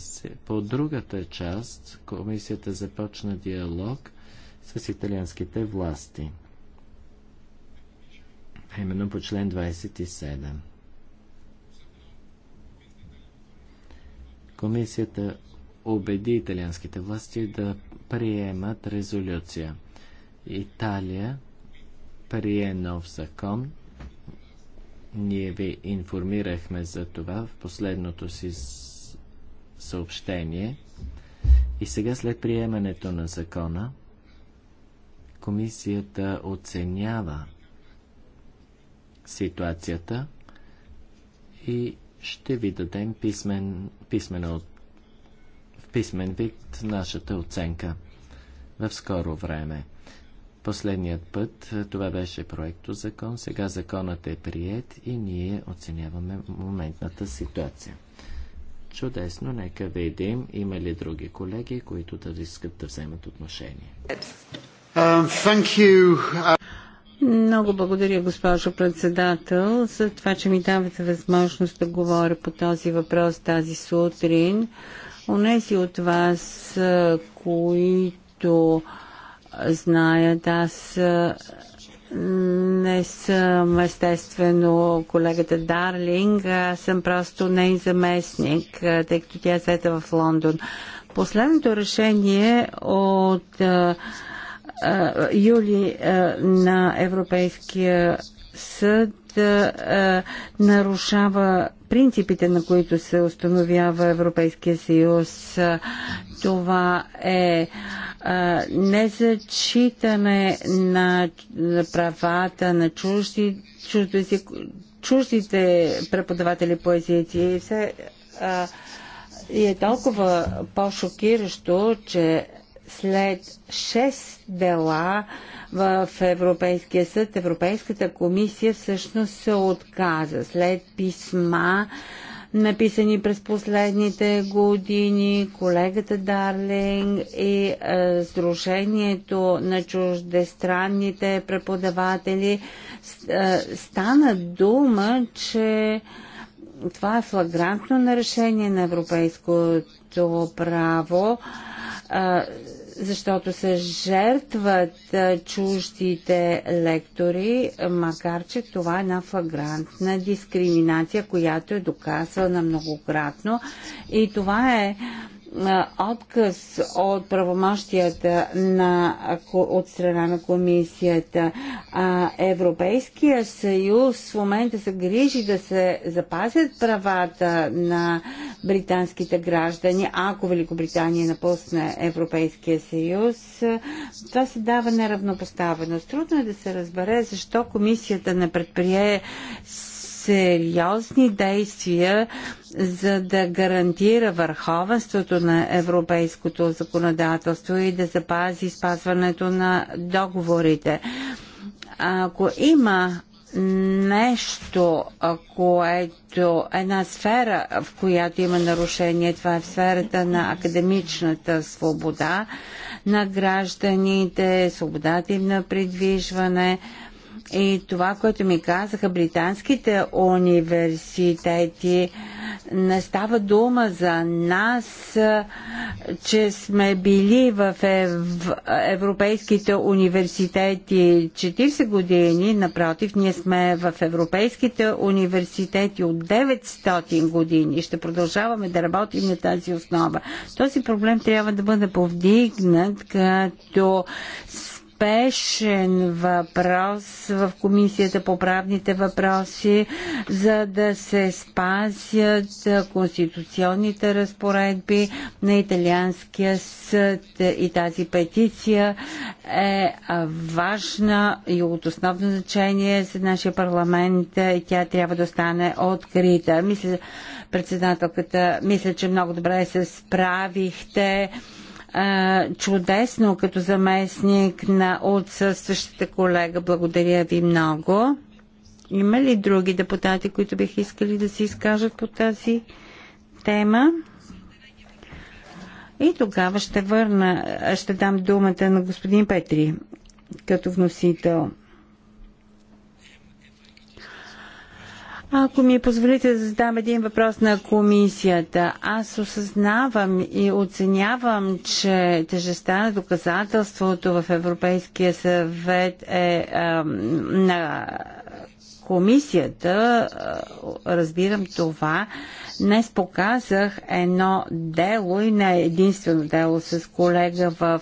По другата част комисията започна диалог с италианските власти а именно по член 27. Комисията убеди италианските власти да приемат резолюция. Италия прие нов закон. Ние ви информирахме за това в последното си съобщение. И сега след приемането на закона, комисията оценява ситуацията и ще ви дадем писмен, писмено, в писмен вид нашата оценка в скоро време. Последният път е, това беше проекто закон, сега законът е прият и ние оценяваме моментната ситуация. Чудесно, нека видим има ли други колеги, които да искат да вземат отношение. Um, много благодаря, госпожо председател, за това, че ми давате възможност да говоря по този въпрос тази сутрин. Онези от вас, които знаят, аз не съм естествено колегата Дарлинг, аз съм просто нейн заместник, тъй като тя е в Лондон. Последното решение е от юли на Европейския съд нарушава принципите, на които се установява Европейския съюз. Това е незачитане на правата на чужди, чужди, чуждите преподаватели по езици и все. и е толкова по-шокиращо, че след 6 дела в Европейския съд, Европейската комисия всъщност се отказа след писма, написани през последните години. Колегата Дарлинг и е, Сдружението на чуждестранните преподаватели е, стана дума, че това е флагрантно нарешение на европейското право. Е, защото се жертват чуждите лектори, макар че това е една флагрантна дискриминация, която е доказвана многократно. И това е отказ от правомощията на, от страна на комисията. А Европейския съюз в момента се грижи да се запазят правата на британските граждани, ако Великобритания напусне Европейския съюз. Това се дава неравнопоставеност. Трудно е да се разбере защо комисията не предприе сериозни действия за да гарантира върховенството на европейското законодателство и да запази спазването на договорите. Ако има нещо, което една сфера, в която има нарушение, това е в сферата на академичната свобода на гражданите, свободата им на придвижване. И това, което ми казаха британските университети, не става дума за нас, че сме били в европейските университети 40 години. Напротив, ние сме в европейските университети от 900 години. Ще продължаваме да работим на тази основа. Този проблем трябва да бъде повдигнат като спешен въпрос в Комисията по правните въпроси, за да се спазят конституционните разпоредби на италианския съд. И тази петиция е важна и от основно значение за нашия парламент и тя трябва да стане открита. Мисля, председателката, мисля, че много добре се справихте чудесно като заместник на отсъстващата колега. Благодаря ви много. Има ли други депутати, които бих искали да се изкажат по тази тема? И тогава ще върна, ще дам думата на господин Петри като вносител. Ако ми позволите да задам един въпрос на комисията, аз осъзнавам и оценявам, че тежестта на доказателството в Европейския съвет е а, на комисията. Разбирам това, Днес показах едно дело и не единствено дело с колега в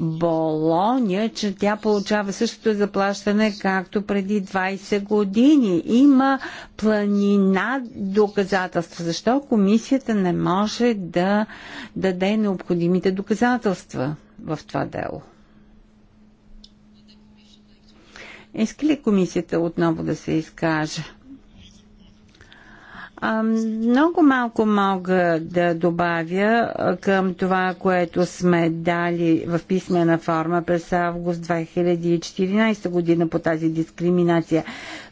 Болония, че тя получава същото заплащане, както преди 20 години. Има планина доказателства. Защо комисията не може да даде необходимите доказателства в това дело? Иска ли комисията отново да се изкаже? Много малко мога да добавя към това, което сме дали в писмена форма през август 2014 година по тази дискриминация.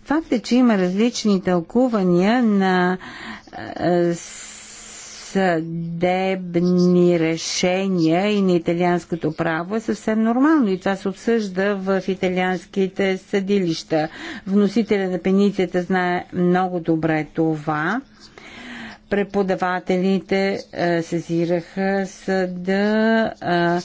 Факт е, че има различни тълкувания на съдебни решения и на италианското право е съвсем нормално и това се обсъжда в италианските съдилища. Вносителя на пеницията знае много добре това. Преподавателите е, сезираха съда. Е,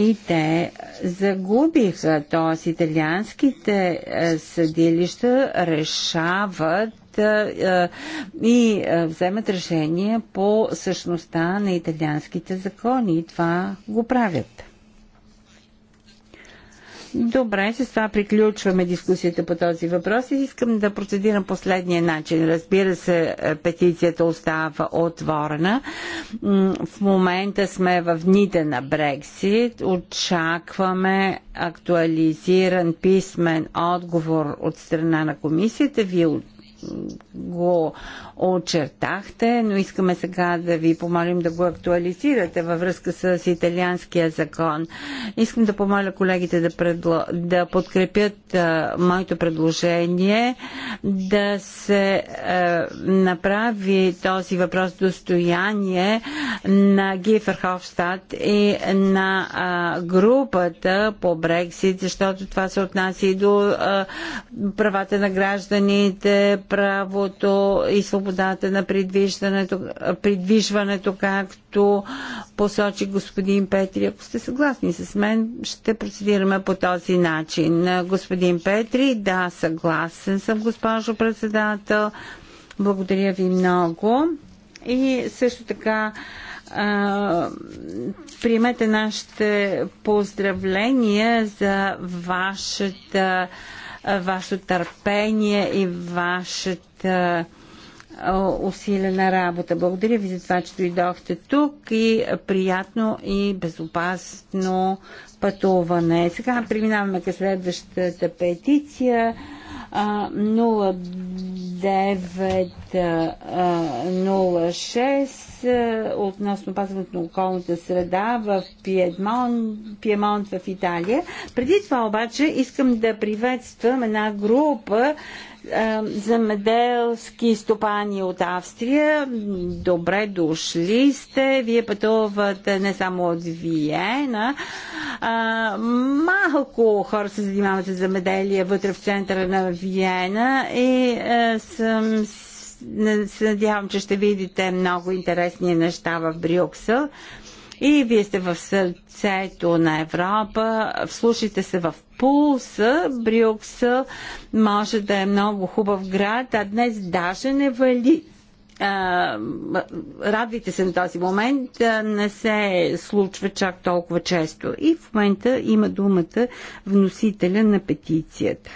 и те загубиха, т.е. италианските е, съдилища решават е, и е, вземат решения по същността на италианските закони. И това го правят. Добре, с това приключваме дискусията по този въпрос и искам да процедирам последния начин. Разбира се, е, петицията остава отворена. В момента сме в дните на Брексит. Очакваме актуализиран писмен отговор от страна на комисията. Вие го очертахте, но искаме сега да ви помолим да го актуализирате във връзка с италианския закон. Искам да помоля колегите да, предло... да подкрепят а, моето предложение да се а, направи този въпрос достояние на Гиферхофстад и на а, групата по Брексит, защото това се отнася и до а, правата на гражданите, правото и свободата на предвижването, както посочи господин Петри. Ако сте съгласни с мен, ще процедираме по този начин. Господин Петри, да, съгласен съм, госпожо председател. Благодаря ви много. И също така приемете нашите поздравления за вашата вашето търпение и вашата усилена работа. Благодаря ви за това, че дойдохте тук и приятно и безопасно пътуване. Сега преминаваме към следващата петиция. 0906 относно пазването на околната среда в Пиемонт в Италия. Преди това обаче искам да приветствам една група земеделски стопани от Австрия. Добре дошли сте. Вие пътувате не само от Виена. А, малко хора се занимават с земеделие вътре в центъра на Виена и а, съм се надявам, че ще видите много интересни неща в Брюксел. И вие сте в сърцето на Европа, вслушайте се в пулса. Брюксел може да е много хубав град, а днес даже не вали радвайте се на този момент, не се случва чак толкова често. И в момента има думата вносителя на петицията.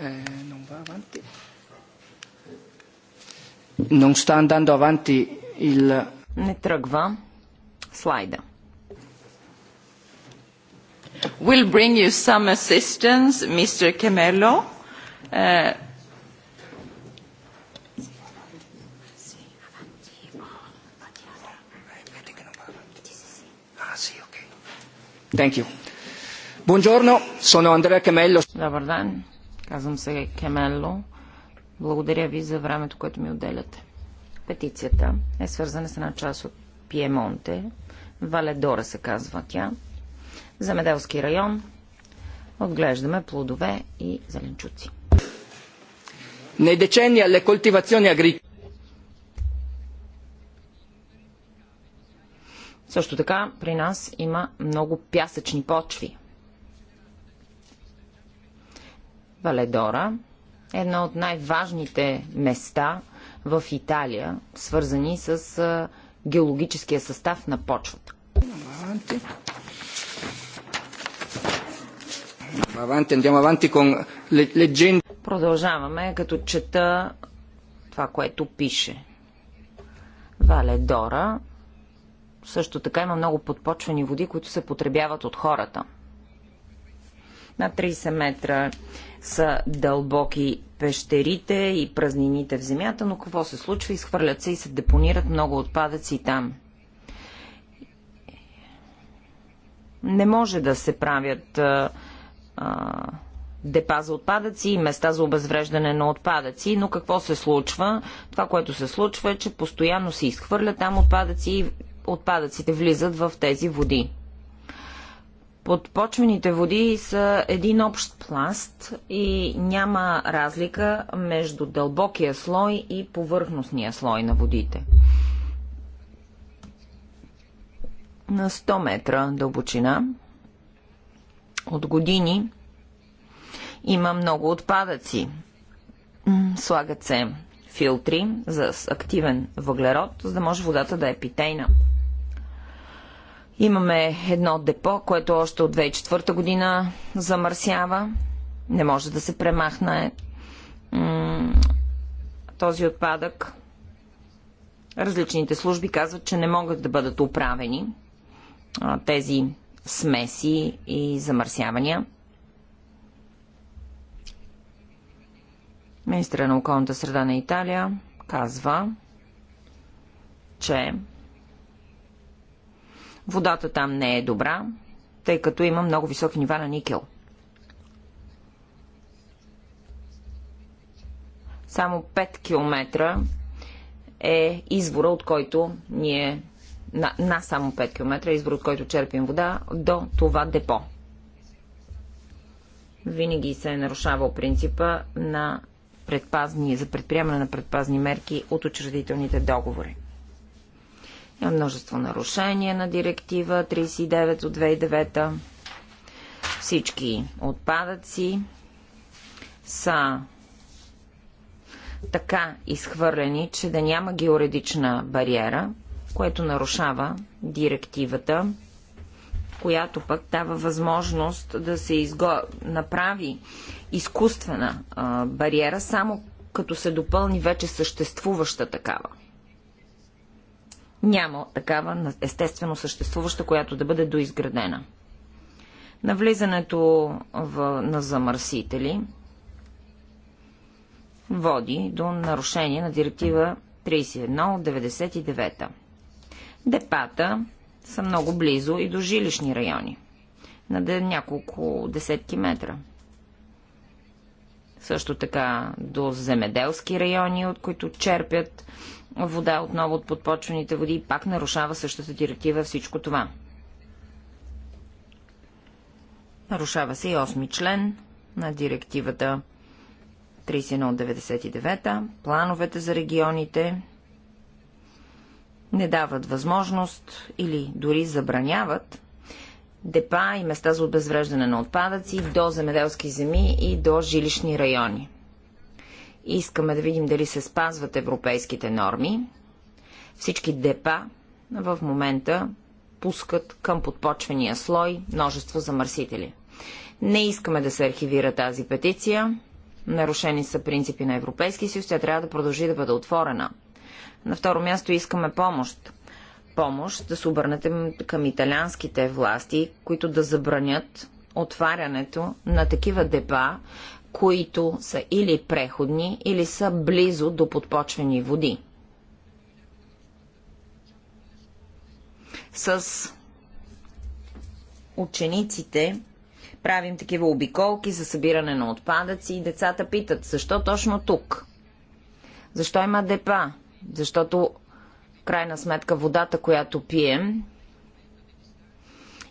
eh, non va avanti. Non sta andando avanti il... Не тръгва слайда. We'll bring you some assistance, Mr. Camello. Uh, Thank you. Buongiorno, sono Andrea Camello. Добър ден. Казвам се Кемело. Благодаря ви за времето, което ми отделяте. Петицията е свързана с една част от Пиемонте. Валедора се казва тя. Замеделски район. Отглеждаме плодове и зеленчуци. Не decenni ле култивационни agricole Също така при нас има много пясъчни почви. Валедора едно от най-важните места в Италия, свързани с геологическия състав на почвата. Продължаваме като чета това, което пише. Валедора. Също така има много подпочвени води, които се потребяват от хората. На 30 метра са дълбоки пещерите и празнините в земята, но какво се случва? Изхвърлят се и се депонират много отпадъци там. Не може да се правят а, а, депа за отпадъци и места за обезвреждане на отпадъци, но какво се случва? Това, което се случва е, че постоянно се изхвърлят там отпадъци и отпадъците влизат в тези води. Подпочвените води са един общ пласт и няма разлика между дълбокия слой и повърхностния слой на водите. На 100 метра дълбочина от години има много отпадъци. Слагат се филтри за активен въглерод, за да може водата да е питейна. Имаме едно депо, което още от 2004 година замърсява. Не може да се премахне този отпадък. Различните служби казват, че не могат да бъдат управени тези смеси и замърсявания. Министра на околната среда на Италия казва, че Водата там не е добра, тъй като има много високи нива на никел. Само 5 км е извора, от който ние на, на само 5 км, избор от който черпим вода, до това депо. Винаги се е нарушавал принципа на предпазни, за предприемане на предпазни мерки от учредителните договори. Има множество нарушения на директива 39 от 2009. Всички отпадъци са така изхвърлени, че да няма георедична бариера, което нарушава директивата, която пък дава възможност да се изго... направи изкуствена а, бариера, само като се допълни вече съществуваща такава. Няма такава естествено съществуваща, която да бъде доизградена. Навлизането в, на замърсители води до нарушение на директива 31 от 99. Депата са много близо и до жилищни райони, на няколко десетки метра. Също така до земеделски райони, от които черпят вода отново от подпочвените води и пак нарушава същата директива всичко това. Нарушава се и 8 член на директивата 3199. от 99 Плановете за регионите не дават възможност или дори забраняват депа и места за обезвреждане на отпадъци до земеделски земи и до жилищни райони. Искаме да видим дали се спазват европейските норми. Всички депа в момента пускат към подпочвения слой множество замърсители. Не искаме да се архивира тази петиция. Нарушени са принципи на Европейски съюз. Тя трябва да продължи да бъде отворена. На второ място искаме помощ. Помощ да се обърнете към италианските власти, които да забранят отварянето на такива депа, които са или преходни, или са близо до подпочвени води. С учениците правим такива обиколки за събиране на отпадъци и децата питат, защо точно тук? Защо има депа? Защото, крайна сметка, водата, която пием,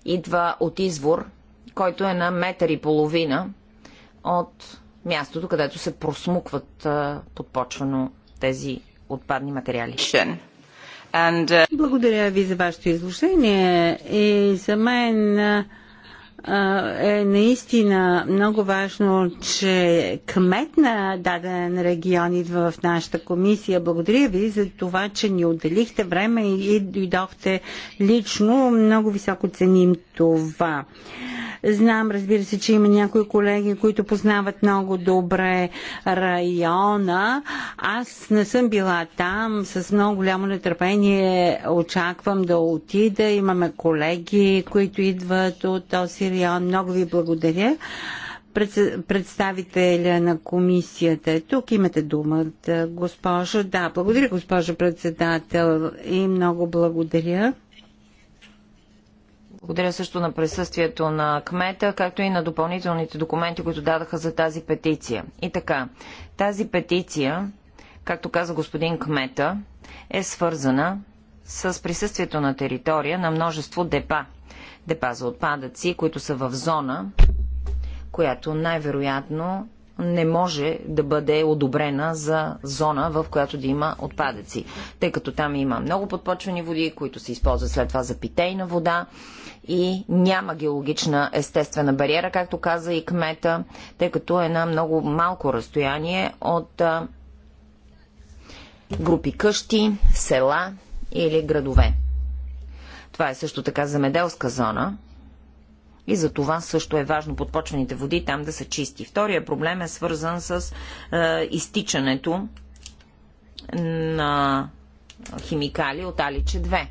идва от извор, който е на метър и половина – от мястото, където се просмукват подпочвано тези отпадни материали. Uh, Благодаря ви за вашето изложение и за мен е наистина много важно, че кмет на даден регион идва в нашата комисия. Благодаря ви за това, че ни отделихте време и дойдохте лично. Много високо ценим това. Знам, разбира се, че има някои колеги, които познават много добре района. Аз не съм била там. С много голямо нетърпение очаквам да отида. Имаме колеги, които идват от този район. Много ви благодаря представителя на комисията. Е тук имате думата, госпожо. Да, благодаря, госпожо председател и много благодаря. Благодаря също на присъствието на кмета, както и на допълнителните документи, които дадаха за тази петиция. И така, тази петиция, както каза господин кмета, е свързана с присъствието на територия на множество депа. Депа за отпадъци, които са в зона, която най-вероятно не може да бъде одобрена за зона, в която да има отпадъци, тъй като там има много подпочвени води, които се използват след това за питейна вода и няма геологична естествена бариера, както каза и кмета, тъй като е на много малко разстояние от групи къщи, села или градове. Това е също така замеделска зона и за това също е важно подпочвените води там да са чисти. Втория проблем е свързан с е, изтичането на химикали от Аличе 2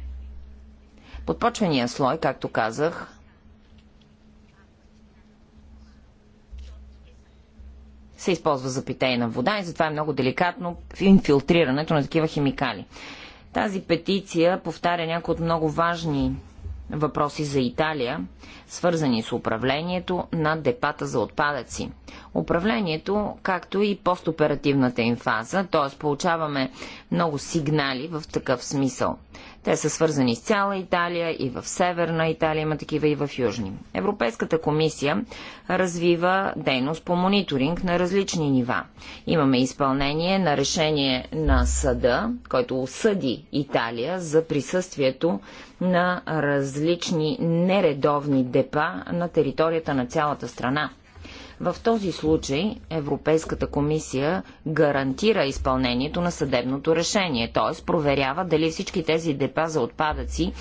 Подпочвения слой, както казах, се използва за питейна вода и затова е много деликатно в инфилтрирането на такива химикали. Тази петиция повтаря някои от много важни въпроси за Италия, свързани с управлението на депата за отпадъци. Управлението, както и постоперативната им фаза, т.е. получаваме много сигнали в такъв смисъл. Те са свързани с цяла Италия и в Северна Италия има такива и в Южни. Европейската комисия развива дейност по мониторинг на различни нива. Имаме изпълнение на решение на съда, който осъди Италия за присъствието на различни нередовни депа на територията на цялата страна. В този случай Европейската комисия гарантира изпълнението на съдебното решение, т.е. проверява дали всички тези депа за отпадъци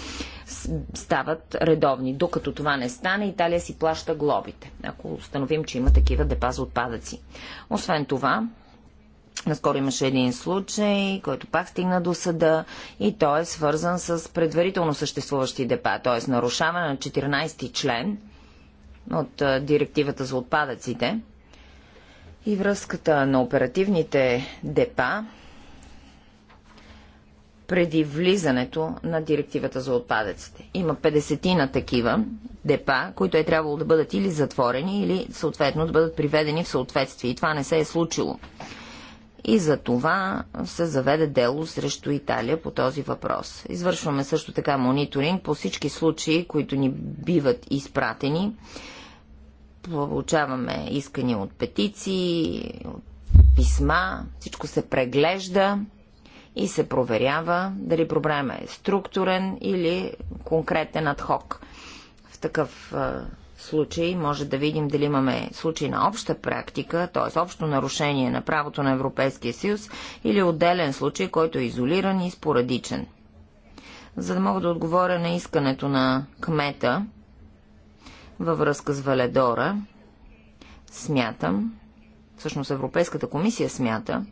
стават редовни. Докато това не стане, Италия си плаща глобите, ако установим, че има такива депа за отпадъци. Освен това, Наскоро имаше един случай, който пак стигна до съда и той е свързан с предварително съществуващи депа, т.е. нарушаване на 14 ти член от директивата за отпадъците и връзката на оперативните депа преди влизането на директивата за отпадъците. Има 50 на такива депа, които е трябвало да бъдат или затворени, или съответно да бъдат приведени в съответствие. И това не се е случило. И за това се заведе дело срещу Италия по този въпрос. Извършваме също така мониторинг по всички случаи, които ни биват изпратени Получаваме искания от петиции, от писма, всичко се преглежда и се проверява дали проблема е структурен или конкретен адхок. В такъв случай може да видим дали имаме случай на обща практика, т.е. общо нарушение на правото на Европейския съюз или отделен случай, който е изолиран и спорадичен. За да мога да отговоря на искането на кмета, във връзка с Валедора. Смятам, всъщност Европейската комисия смята,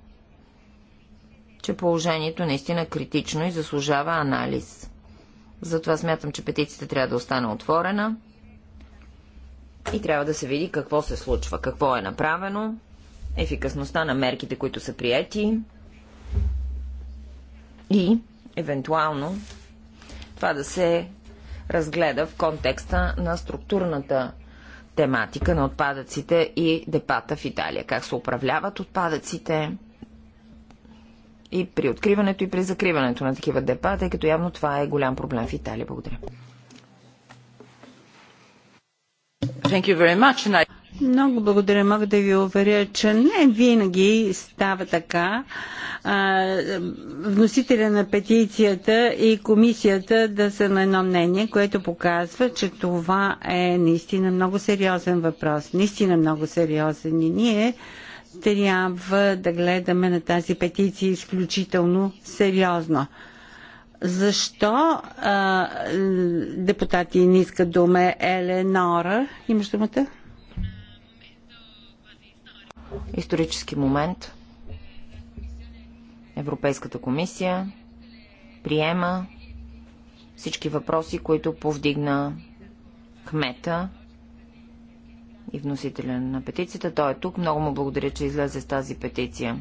че положението наистина е критично и заслужава анализ. Затова смятам, че петицията трябва да остане отворена и трябва да се види какво се случва, какво е направено, ефикасността на мерките, които са приети и, евентуално, това да се разгледа в контекста на структурната тематика на отпадъците и депата в Италия. Как се управляват отпадъците и при откриването и при закриването на такива депа, тъй като явно това е голям проблем в Италия. Благодаря. Thank you very much. Много благодаря. Мога да ви уверя, че не винаги става така. Вносителя на петицията и комисията да са на едно мнение, което показва, че това е наистина много сериозен въпрос. Наистина много сериозен. И ние трябва да гледаме на тази петиция изключително сериозно защо а, депутати не искат дума Еленора? Имаш думата? исторически момент. Европейската комисия приема всички въпроси, които повдигна кмета и вносителя на петицията. Той е тук. Много му благодаря, че излезе с тази петиция.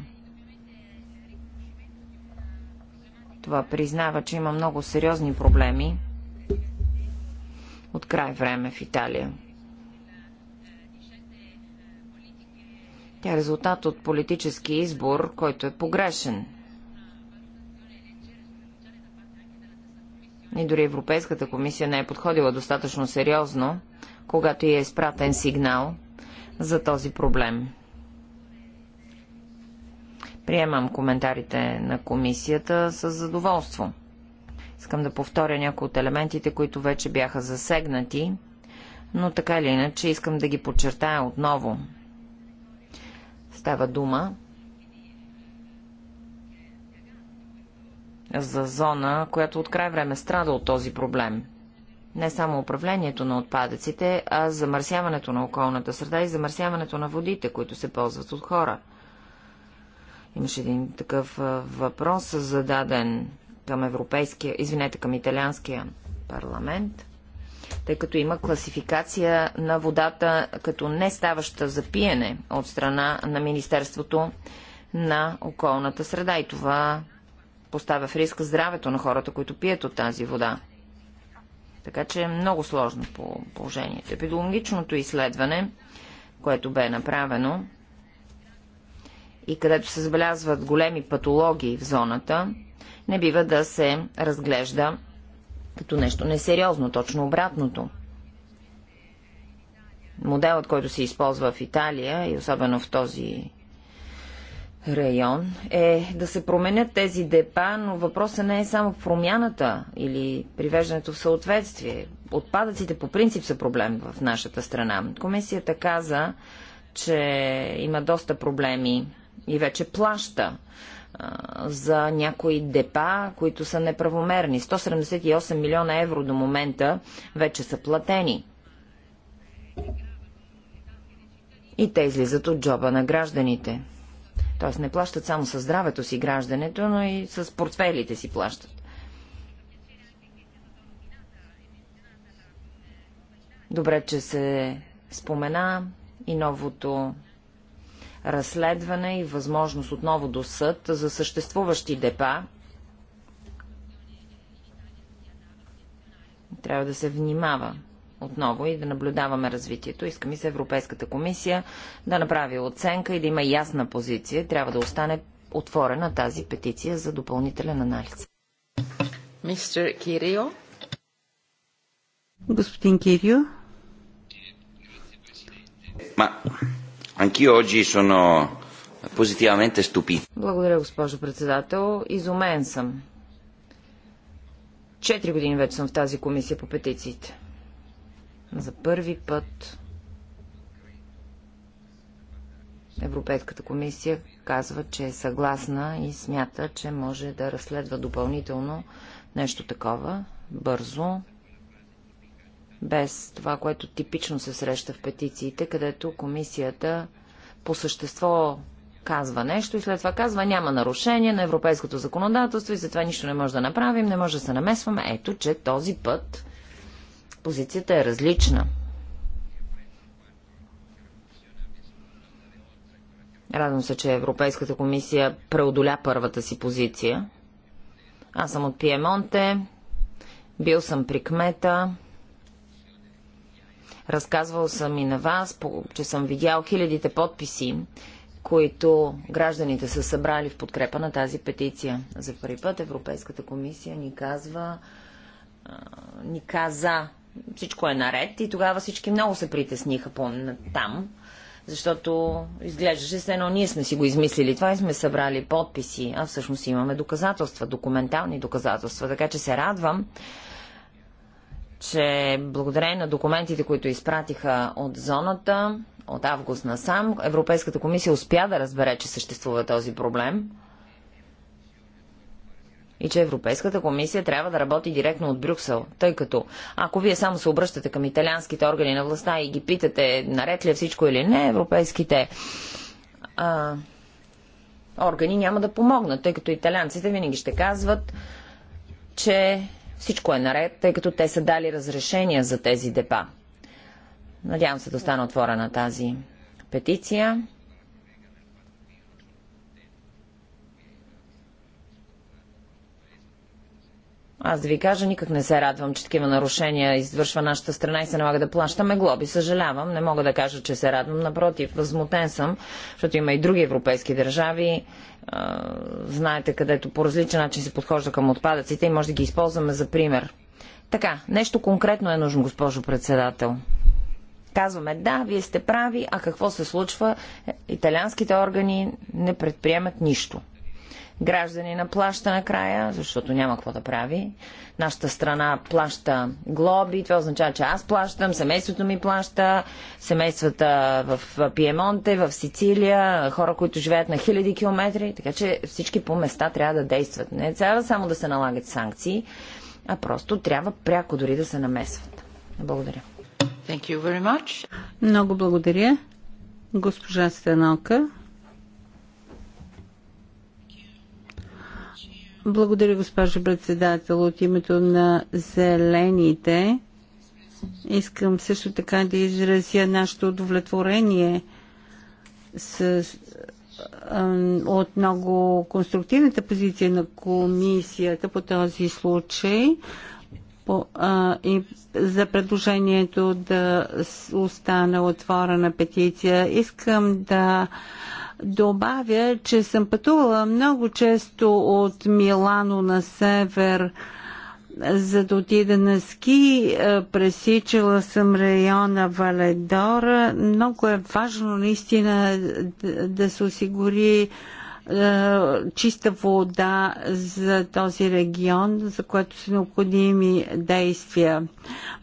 Това признава, че има много сериозни проблеми от край време в Италия. Тя е резултат от политически избор, който е погрешен. И дори Европейската комисия не е подходила достатъчно сериозно, когато й е изпратен сигнал за този проблем. Приемам коментарите на комисията с задоволство. Искам да повторя някои от елементите, които вече бяха засегнати, но така или иначе искам да ги подчертая отново. Става дума за зона, която от край време страда от този проблем. Не само управлението на отпадъците, а замърсяването на околната среда и замърсяването на водите, които се ползват от хора. Имаше един такъв въпрос зададен към европейския, извинете, към италианския парламент тъй като има класификация на водата като не ставаща за пиене от страна на Министерството на околната среда и това поставя в риск здравето на хората, които пият от тази вода. Така че е много сложно по положението. Епидологичното изследване, което бе направено и където се забелязват големи патологии в зоната, не бива да се разглежда като нещо несериозно, точно обратното. Моделът, който се използва в Италия и особено в този район, е да се променят тези депа, но въпросът не е само промяната или привеждането в съответствие. Отпадъците по принцип са проблем в нашата страна. Комисията каза, че има доста проблеми и вече плаща за някои депа, които са неправомерни. 178 милиона евро до момента вече са платени. И те излизат от джоба на гражданите. Тоест не плащат само със здравето си граждането, но и с портфелите си плащат. Добре, че се спомена и новото разследване и възможност отново до съд за съществуващи депа. Трябва да се внимава отново и да наблюдаваме развитието. и се Европейската комисия да направи оценка и да има ясна позиция. Трябва да остане отворена тази петиция за допълнителен анализ. Мистер Кирио. Господин Кирио. Ма, Anch'io oggi sono Благодаря, госпожо председател. Изумен съм. Четири години вече съм в тази комисия по петициите. За първи път Европейската комисия казва, че е съгласна и смята, че може да разследва допълнително нещо такова бързо без това, което типично се среща в петициите, където комисията по същество казва нещо и след това казва няма нарушение на европейското законодателство и затова нищо не може да направим, не може да се намесваме. Ето, че този път позицията е различна. Радвам се, че Европейската комисия преодоля първата си позиция. Аз съм от Пиемонте, бил съм при кмета, Разказвал съм и на вас, че съм видял хилядите подписи, които гражданите са събрали в подкрепа на тази петиция. За първи път Европейската комисия ни казва, ни каза, всичко е наред и тогава всички много се притесниха по там, защото изглеждаше се едно ние сме си го измислили това и сме събрали подписи, а всъщност имаме доказателства, документални доказателства, така че се радвам, че благодарение на документите, които изпратиха от зоната, от август насам, Европейската комисия успя да разбере, че съществува този проблем и че Европейската комисия трябва да работи директно от Брюксел, тъй като ако вие само се обръщате към италианските органи на властта и ги питате наред ли е всичко или не, европейските а, органи няма да помогнат, тъй като италианците винаги ще казват, че всичко е наред, тъй като те са дали разрешения за тези депа. Надявам се да остана отворена тази петиция. Аз да ви кажа, никак не се радвам, че такива нарушения извършва нашата страна и се налага да плащаме глоби. Съжалявам, не мога да кажа, че се радвам. Напротив, възмутен съм, защото има и други европейски държави, знаете, където по различен начин се подхожда към отпадъците и може да ги използваме за пример. Така, нещо конкретно е нужно, госпожо председател. Казваме, да, вие сте прави, а какво се случва? Италианските органи не предприемат нищо. Граждани на плаща накрая, защото няма какво да прави. Нашата страна плаща глоби, това означава, че аз плащам, семейството ми плаща, семействата в Пиемонте, в Сицилия, хора, които живеят на хиляди километри, така че всички по места трябва да действат. Не трябва само да се налагат санкции, а просто трябва пряко дори да се намесват. Благодаря. Thank you very much. Много благодаря. Госпожа Стенока. Благодаря, госпожо председател. От името на зелените искам също така да изразя нашето удовлетворение с, от много конструктивната позиция на комисията по този случай по, а, и за предложението да остане отворена петиция. Искам да а, добавя, че съм пътувала много често от Милано на север, за да отида на ски. Е, пресичала съм района Валедора. Много е важно наистина да се осигури е, чиста вода за този регион, за което са необходими действия.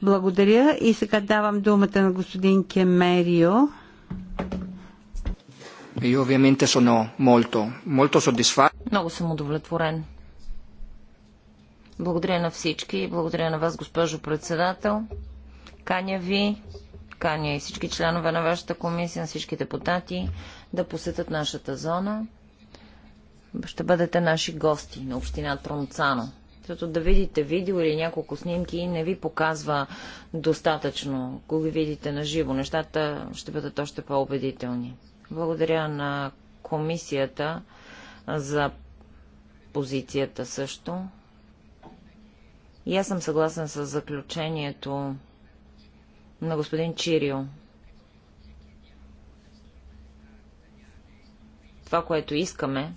Благодаря и сега давам думата на господин Кемерио. E Много съм удовлетворен. Благодаря на всички. Благодаря на вас, госпожо председател. Каня ви, каня и всички членове на вашата комисия, на всички депутати да посетят нашата зона. Ще бъдете наши гости на община Тронцано. Защото да видите видео или няколко снимки не ви показва достатъчно. кога ви видите на живо, нещата ще бъдат още по-убедителни. Благодаря на комисията за позицията също. И аз съм съгласен с заключението на господин Чирио. Това, което искаме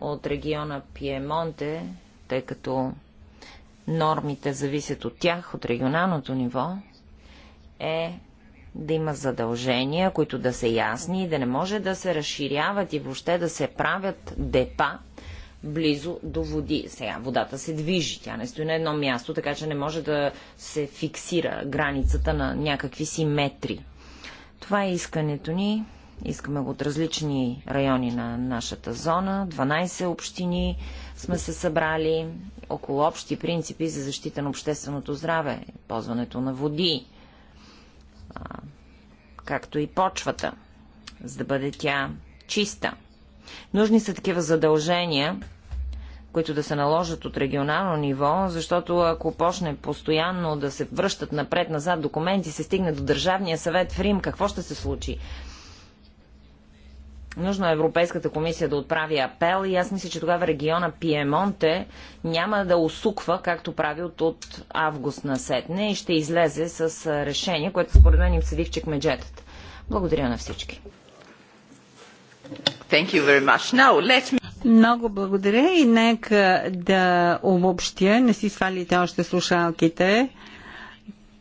от региона Пиемонте, тъй като нормите зависят от тях, от регионалното ниво, е да има задължения, които да са ясни и да не може да се разширяват и въобще да се правят депа близо до води. Сега водата се движи, тя не стои на едно място, така че не може да се фиксира границата на някакви си метри. Това е искането ни. Искаме го от различни райони на нашата зона. 12 общини сме се събрали около общи принципи за защита на общественото здраве, ползването на води, както и почвата, за да бъде тя чиста. Нужни са такива задължения, които да се наложат от регионално ниво, защото ако почне постоянно да се връщат напред-назад документи, се стигне до Държавния съвет в Рим, какво ще се случи? Нужно е Европейската комисия да отправи апел и аз мисля, че тогава региона Пиемонте няма да усуква, както прави от, от август на сетне и ще излезе с решение, което според мен им седи в чекмеджетата. Благодаря на всички. Thank you very much. Now, let me... Много благодаря и нека да обобщя, не си свалите още слушалките.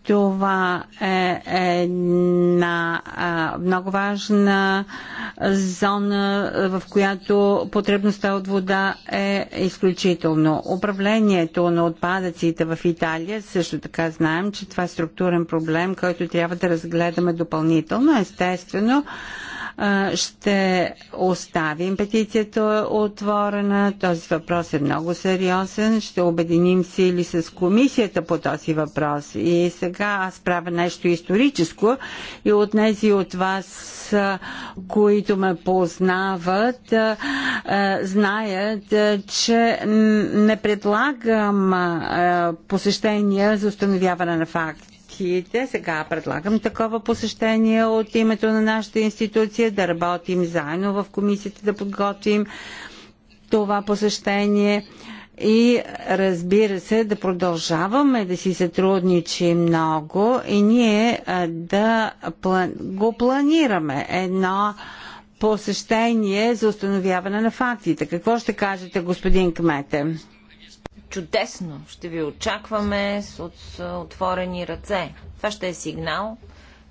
Това е една много важна зона, в която потребността от вода е изключително. Управлението на отпадъците в Италия също така знаем, че това е структурен проблем, който трябва да разгледаме допълнително. Естествено, ще оставим петицията отворена. Този въпрос е много сериозен. Ще обединим сили с комисията по този въпрос. И сега аз правя нещо историческо и от тези от вас, които ме познават, знаят, че не предлагам посещения за установяване на факти комисиите. Сега предлагам такова посещение от името на нашата институция, да работим заедно в комисията, да подготвим това посещение и разбира се да продължаваме да си сътрудничим много и ние да го планираме едно посещение за установяване на фактите. Какво ще кажете, господин Кмете? Чудесно! Ще ви очакваме с отворени ръце. Това ще е сигнал,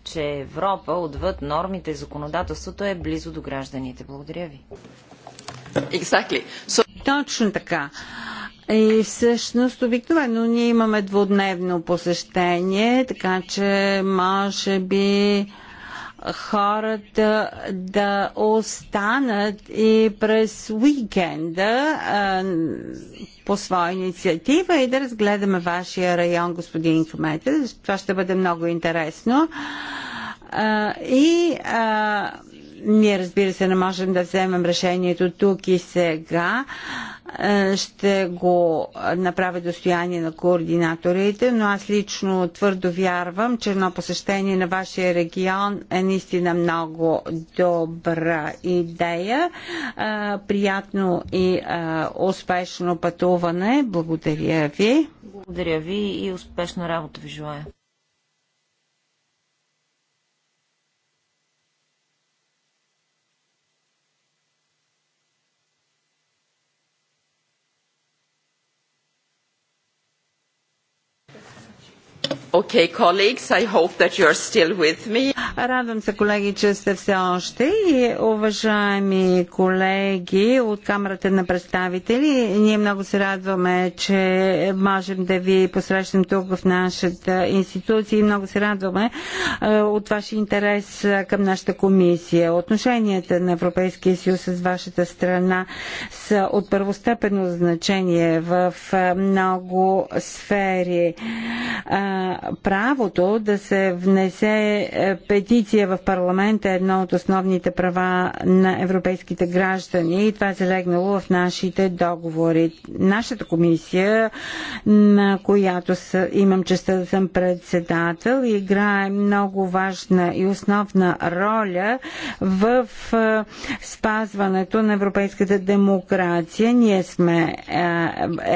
че Европа отвъд нормите и законодателството е близо до гражданите. Благодаря ви. Exactly. So... Точно така. И всъщност обикновено ние имаме двудневно посещение, така че може би хората да останат и през уикенда а, по своя инициатива и да разгледаме вашия район, господин Комета. Това ще бъде много интересно. А, и а, ние, разбира се, не можем да вземем решението тук и сега. Е, ще го направя достояние на координаторите, но аз лично твърдо вярвам, че едно посещение на вашия регион е наистина много добра идея. Е, приятно и е, успешно пътуване. Благодаря ви. Благодаря ви и успешна работа ви желая. Okay, colleagues, I hope that still with me. Радвам се, колеги, че сте все още и уважаеми колеги от Камерата на представители. Ние много се радваме, че можем да ви посрещнем тук в нашата институция и много се радваме е, от вашия интерес е, към нашата комисия. Отношенията на Европейския съюз с вашата страна са от първостепенно значение в е, много сфери правото да се внесе е, петиция в парламента е едно от основните права на европейските граждани и това е залегнало в нашите договори. Нашата комисия, на която са, имам честа да съм председател, играе много важна и основна роля в е, спазването на европейската демокрация. Ние сме е,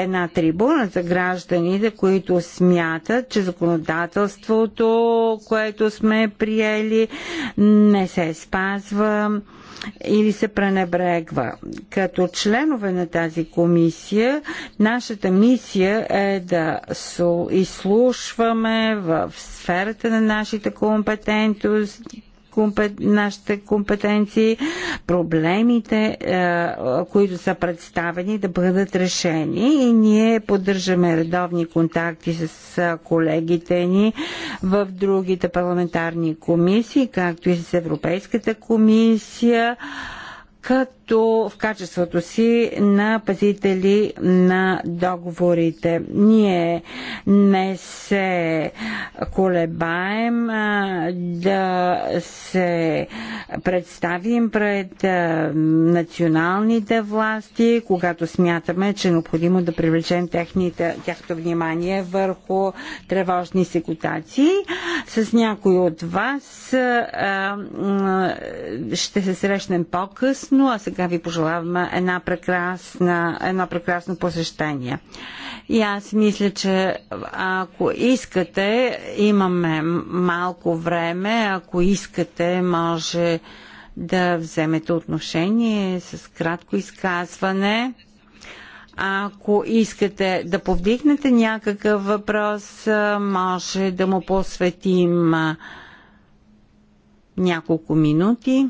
една трибуна за гражданите, които смятат, че законодателството законодателството, което сме приели, не се спазва или се пренебрегва. Като членове на тази комисия, нашата мисия е да изслушваме в сферата на нашите компетентности нашите компетенции, проблемите, е, които са представени, да бъдат решени и ние поддържаме редовни контакти с е, колегите ни в другите парламентарни комисии, както и с Европейската комисия, като които в качеството си на пазители на договорите. Ние не се колебаем да се представим пред националните власти, когато смятаме, че е необходимо да привлечем техните, тяхното внимание върху тревожни секутации. С някои от вас ще се срещнем по-късно, а сега така ви пожелавам една прекрасна, едно прекрасно посещение. И аз мисля, че ако искате, имаме малко време, ако искате, може да вземете отношение с кратко изказване. Ако искате да повдигнете някакъв въпрос, може да му посветим няколко минути.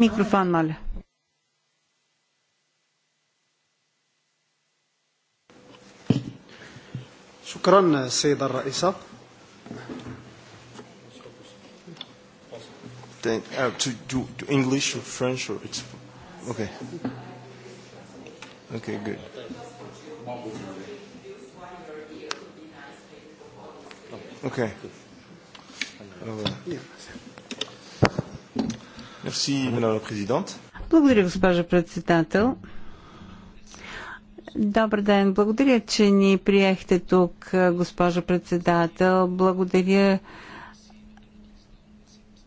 Микрофон, моля. Шукран, сейда Раиса. Thank, uh, to, to, to English or French or it's okay. Okay, good. Okay. Uh, Merci, Благодаря, госпожа председател. Добър ден. Благодаря, че ни приехте тук, госпожо председател. Благодаря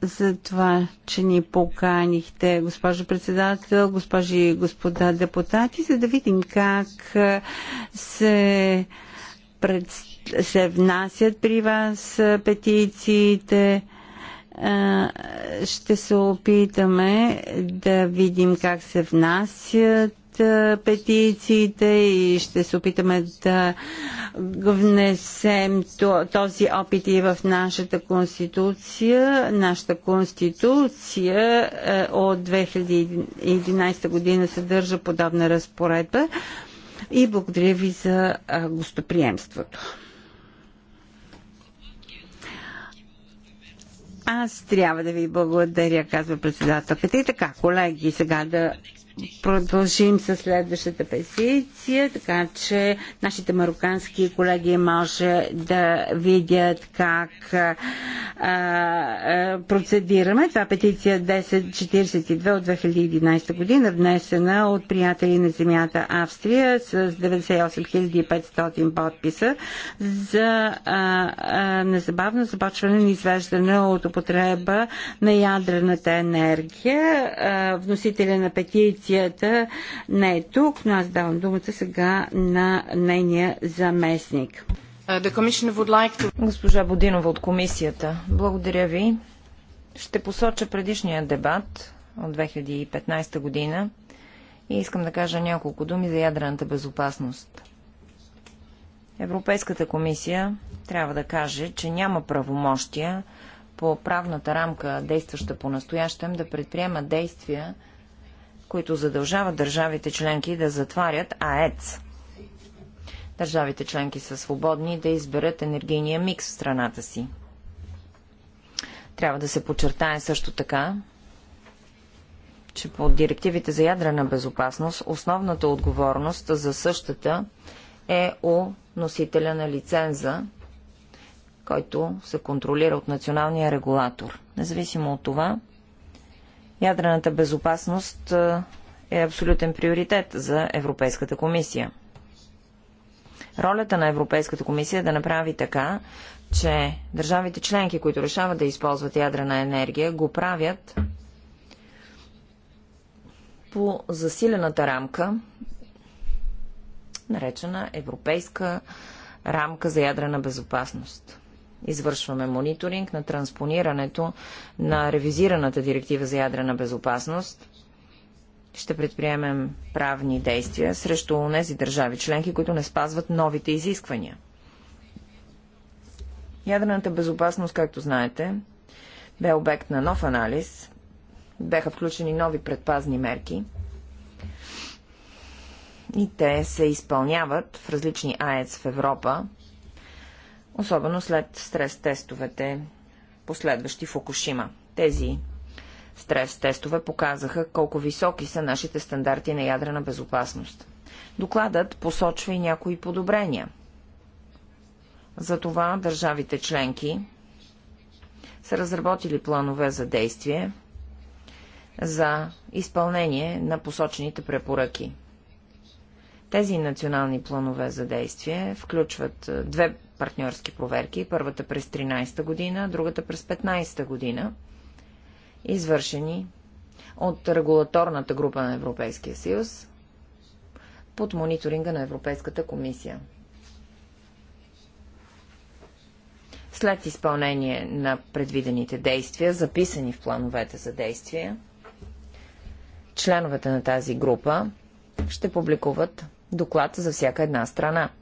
за това, че ни поканихте, госпожо председател, госпожи и господа депутати, за да видим как се, пред... се внасят при вас петициите ще се опитаме да видим как се внасят петициите и ще се опитаме да внесем този опит и в нашата конституция. Нашата конституция от 2011 година съдържа подобна разпоредба и благодаря ви за гостоприемството. Аз трябва да ви благодаря, казва председателката. И така, колеги, сега да продължим със следващата петиция, така че нашите марокански колеги може да видят как а, а, процедираме. Това е петиция 1042 от 2011 година, внесена от приятели на земята Австрия с 98 500 подписа за а, а, незабавно започване на извеждане от употреба на ядрената енергия. А, вносителя на петиция комисията не е тук, но аз давам думата сега на нейния заместник. Uh, Госпожа Бодинова от комисията, благодаря ви. Ще посоча предишния дебат от 2015 година и искам да кажа няколко думи за ядрената безопасност. Европейската комисия трябва да каже, че няма правомощия по правната рамка, действаща по настоящем, да предприема действия които задължават държавите членки да затварят АЕЦ. Държавите членки са свободни да изберат енергийния микс в страната си. Трябва да се подчертае също така, че по директивите за ядрена безопасност основната отговорност за същата е у носителя на лиценза, който се контролира от националния регулатор. Независимо от това, Ядрената безопасност е абсолютен приоритет за Европейската комисия. Ролята на Европейската комисия е да направи така, че държавите членки, които решават да използват ядрена енергия, го правят по засилената рамка, наречена Европейска рамка за ядрена безопасност. Извършваме мониторинг на транспонирането на ревизираната директива за ядрена безопасност. Ще предприемем правни действия срещу тези държави членки, които не спазват новите изисквания. Ядрената безопасност, както знаете, бе обект на нов анализ, беха включени нови предпазни мерки и те се изпълняват в различни АЕЦ в Европа особено след стрес-тестовете, последващи Фукушима. Тези стрес-тестове показаха колко високи са нашите стандарти на ядрена безопасност. Докладът посочва и някои подобрения. Затова държавите членки са разработили планове за действие за изпълнение на посочените препоръки. Тези национални планове за действие включват две партньорски проверки, първата през 13-та година, другата през 15-та година, извършени от регулаторната група на Европейския съюз под мониторинга на Европейската комисия. След изпълнение на предвидените действия, записани в плановете за действия, членовете на тази група ще публикуват доклад за всяка една страна –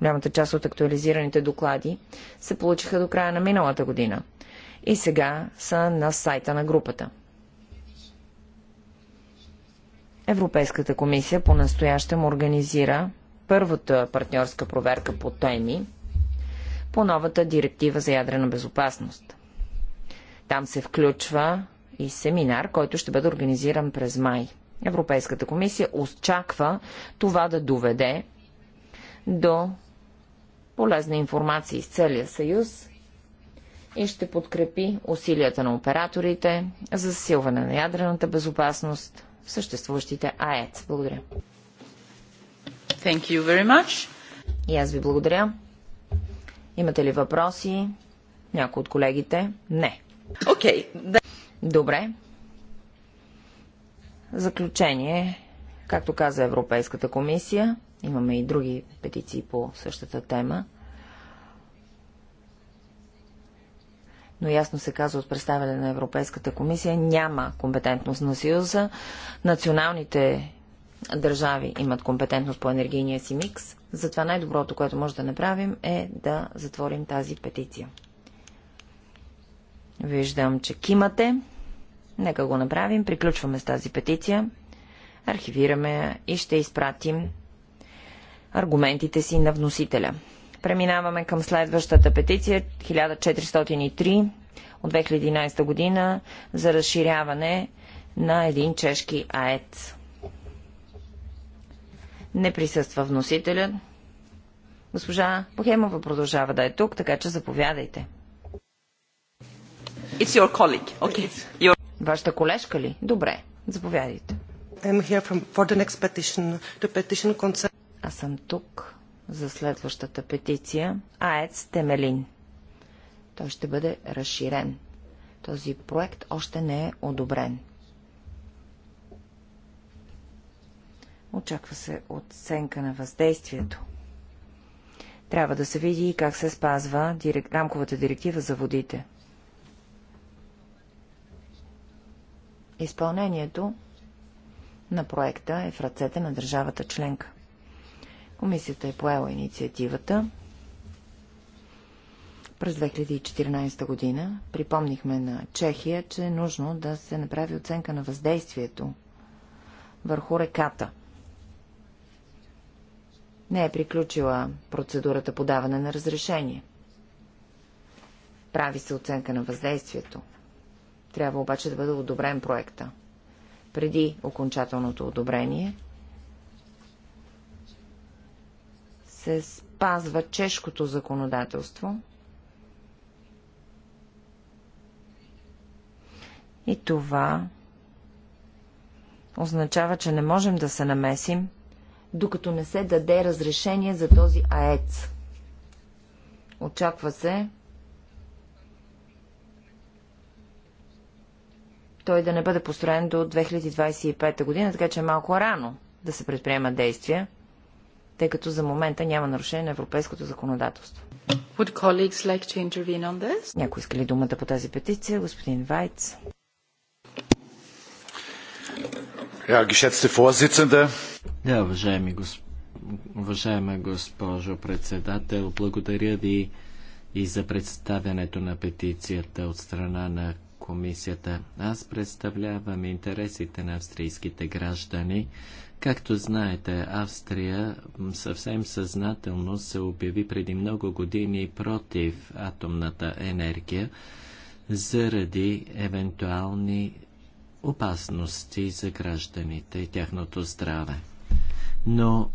Голямата част от актуализираните доклади се получиха до края на миналата година и сега са на сайта на групата. Европейската комисия по-настоящем организира първата партньорска проверка по теми по новата директива за ядрена безопасност. Там се включва и семинар, който ще бъде организиран през май. Европейската комисия очаква това да доведе до полезна информация из целия съюз и ще подкрепи усилията на операторите за засилване на ядрената безопасност в съществуващите АЕЦ. Благодаря. Thank you very much. И аз ви благодаря. Имате ли въпроси? Някои от колегите? Не. Okay. That... Добре. Заключение, както каза Европейската комисия, Имаме и други петиции по същата тема. но ясно се казва от представяне на Европейската комисия, няма компетентност на Съюза. Националните държави имат компетентност по енергийния си микс. Затова най-доброто, което може да направим е да затворим тази петиция. Виждам, че кимате. Нека го направим. Приключваме с тази петиция. Архивираме я и ще изпратим аргументите си на вносителя. Преминаваме към следващата петиция 1403 от 2011 година за разширяване на един чешки аец. Не присъства вносителя. Госпожа Бохемова продължава да е тук, така че заповядайте. It's your colleague. Okay. Your... Вашата колежка ли? Добре, заповядайте. I'm here from, for the next petition. The petition concern... Аз съм тук за следващата петиция АЕЦ Темелин. Той ще бъде разширен. Този проект още не е одобрен. Очаква се оценка на въздействието. Трябва да се види как се спазва дирек... рамковата директива за водите. Изпълнението на проекта е в ръцете на държавата членка. Комисията е поела инициативата. През 2014 година припомнихме на Чехия, че е нужно да се направи оценка на въздействието върху реката. Не е приключила процедурата подаване на разрешение. Прави се оценка на въздействието. Трябва обаче да бъде одобрен проекта. Преди окончателното одобрение се спазва чешкото законодателство. И това означава, че не можем да се намесим, докато не се даде разрешение за този аец. Очаква се той да не бъде построен до 2025 година, така че е малко рано да се предприемат действия тъй като за момента няма нарушение на европейското законодателство. Would colleagues like to intervene on this? Някой иска ли думата по тази петиция? Господин Вайц. Ja, geschätzte Vorsitzende. Ja, уважаеми госп... уважаема госпожо председател, благодаря ви и за представянето на петицията от страна на комисията. Аз представлявам интересите на австрийските граждани Както знаете, Австрия съвсем съзнателно се обяви преди много години против атомната енергия заради евентуални опасности за гражданите и тяхното здраве. Но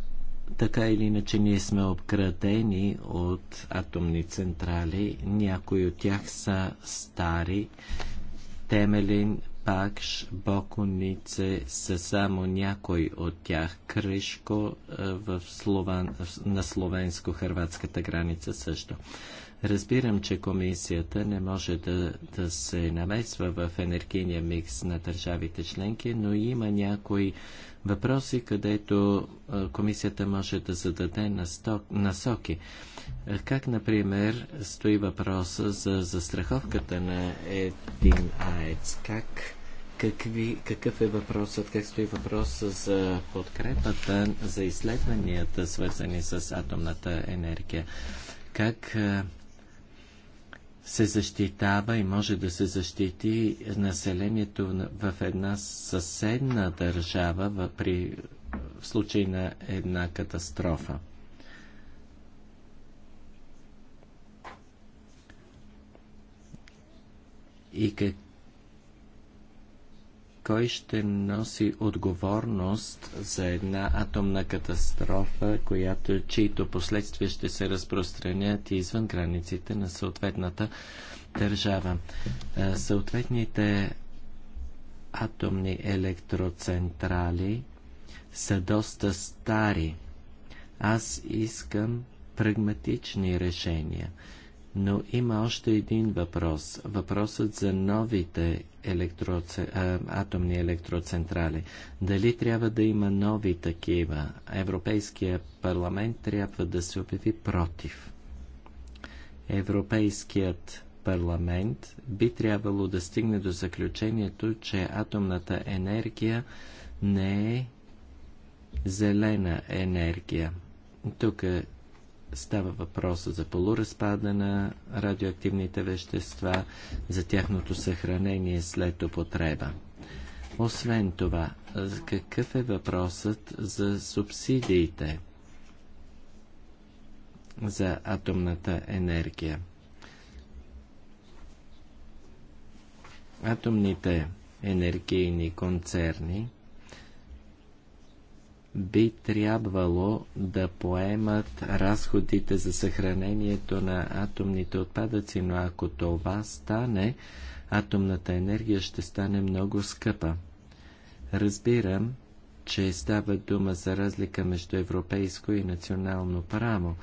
така или иначе ние сме обградени от атомни централи. Някои от тях са стари. Темелин, Пакш, боконице са само някой от тях. Кришко е, в Словен, на словенско-хрватската граница също. Разбирам, че комисията не може да, да се намесва в енергийния микс на държавите членки, но има някои въпроси, където е, комисията може да зададе насоки. Е, как, например, стои въпроса за застраховката на един АЕЦ? Как, какви, какъв е въпросът, как стои въпросът за подкрепата за изследванията, свързани с атомната енергия? Как е, се защитава и може да се защити населението в една съседна държава при, в случай на една катастрофа? и как... кой ще носи отговорност за една атомна катастрофа, която, чието последствия ще се разпространят извън границите на съответната държава. Е, съответните атомни електроцентрали са доста стари. Аз искам прагматични решения – но има още един въпрос. Въпросът за новите електро... атомни електроцентрали. Дали трябва да има нови такива? Европейския парламент трябва да се обяви против. Европейският парламент би трябвало да стигне до заключението, че атомната енергия не е зелена енергия. Тук Става въпрос за полуразпада на радиоактивните вещества, за тяхното съхранение след употреба. Освен това, какъв е въпросът за субсидиите за атомната енергия? Атомните енергийни концерни – би трябвало да поемат разходите за съхранението на атомните отпадъци, но ако това стане, атомната енергия ще стане много скъпа. Разбирам, че става дума за разлика между европейско и национално право,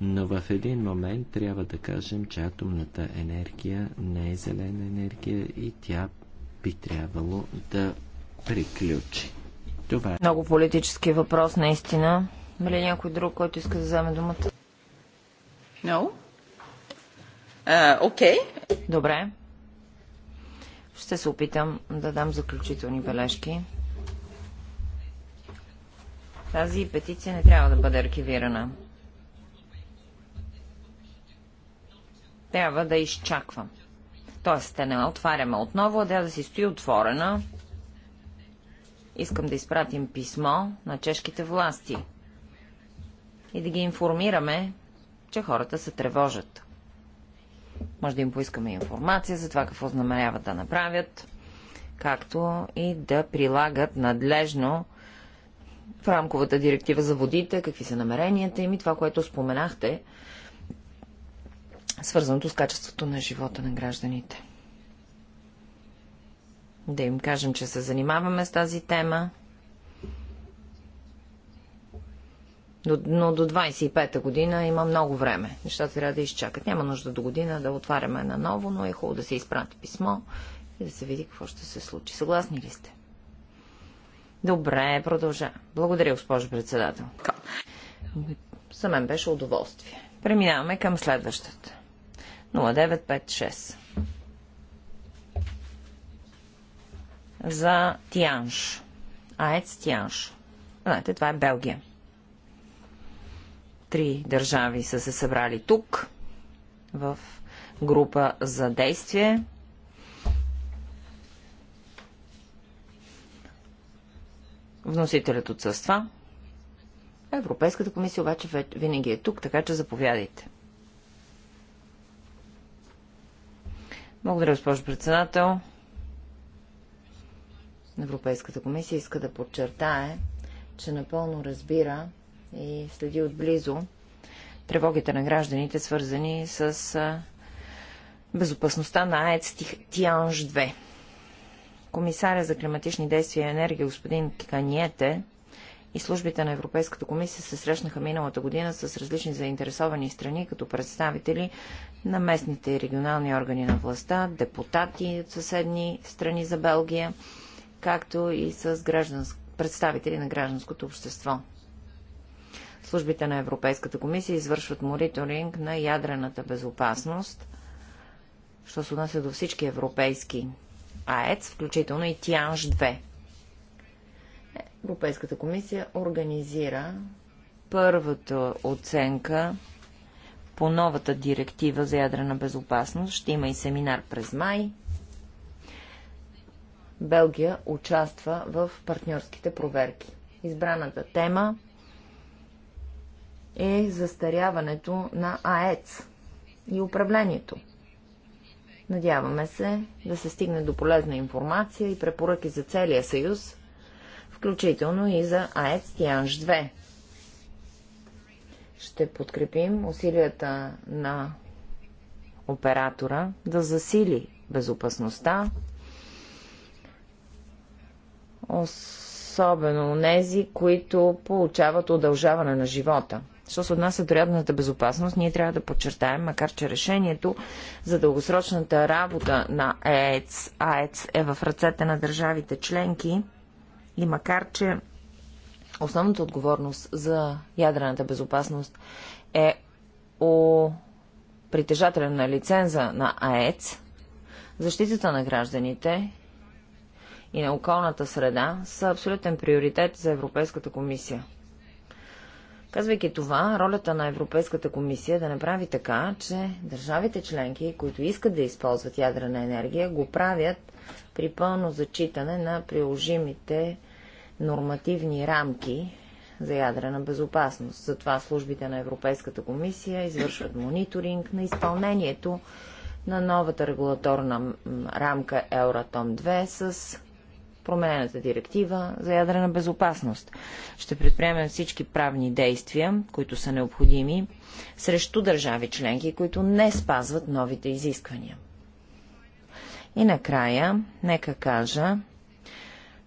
но в един момент трябва да кажем, че атомната енергия не е зелена енергия и тя би трябвало да приключи. Това е. Много политически въпрос, наистина. Има ли някой друг, който иска да вземе думата? No. Uh, okay. Добре. Ще се опитам да дам заключителни бележки. Тази петиция не трябва да бъде архивирана. Трябва да изчаква. Тоест, те не отваряме отново, а да си стои отворена Искам да изпратим писмо на чешките власти и да ги информираме, че хората се тревожат. Може да им поискаме информация за това какво знамеряват да направят, както и да прилагат надлежно в рамковата директива за водите, какви са намеренията им и това, което споменахте, свързаното с качеството на живота на гражданите да им кажем, че се занимаваме с тази тема. Но, но до 25-та година има много време. Нещата трябва да изчакат. Няма нужда до година да отваряме наново, но е хубаво да се изпрати писмо и да се види какво ще се случи. Съгласни ли сте? Добре, продължа. Благодаря, госпожо председател. За мен беше удоволствие. Преминаваме към следващата. 0956. за Тианш. АЕЦ Тианш. Знаете, това е Белгия. Три държави са се събрали тук в група за действие. Вносителят отсъства. Европейската комисия обаче винаги е тук, така че заповядайте. Благодаря, госпожо председател. Европейската комисия иска да подчертае, че напълно разбира и следи отблизо тревогите на гражданите, свързани с безопасността на АЕЦ Тианж 2. Комисаря за климатични действия и енергия господин Каниете и службите на Европейската комисия се срещнаха миналата година с различни заинтересовани страни, като представители на местните и регионални органи на властта, депутати от съседни страни за Белгия, както и с гражданск... представители на гражданското общество. Службите на Европейската комисия извършват мониторинг на ядрената безопасност, що се отнася до всички европейски АЕЦ, включително и Тянж-2. Европейската комисия организира първата оценка по новата директива за ядрена безопасност. Ще има и семинар през май Белгия участва в партньорските проверки. Избраната тема е застаряването на АЕЦ и управлението. Надяваме се да се стигне до полезна информация и препоръки за целия съюз, включително и за АЕЦ Тианж 2. Ще подкрепим усилията на оператора да засили безопасността, особено нези, които получават удължаване на живота. Що се отнася до рядната безопасност, ние трябва да подчертаем, макар че решението за дългосрочната работа на ЕЕЦ, АЕЦ е в ръцете на държавите членки и макар че основната отговорност за ядрената безопасност е у притежателя на лиценза на АЕЦ, защитата на гражданите и на околната среда са абсолютен приоритет за Европейската комисия. Казвайки това, ролята на Европейската комисия е да направи така, че държавите членки, които искат да използват ядрена енергия, го правят при пълно зачитане на приложимите нормативни рамки за ядрена безопасност. Затова службите на Европейската комисия извършват мониторинг на изпълнението на новата регулаторна рамка Euratom 2 с променената директива за ядрена безопасност. Ще предприемем всички правни действия, които са необходими, срещу държави членки, които не спазват новите изисквания. И накрая, нека кажа,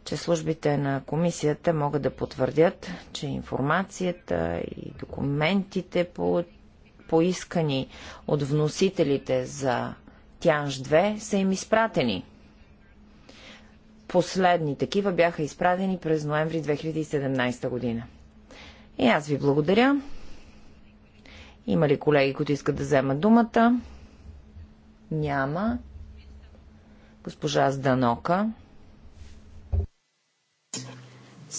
че службите на комисията могат да потвърдят, че информацията и документите по, поискани от вносителите за тяж 2 са им изпратени – Последни такива бяха изпратени през ноември 2017 година. И аз ви благодаря. Има ли колеги, които искат да вземат думата? Няма. Госпожа Зданока.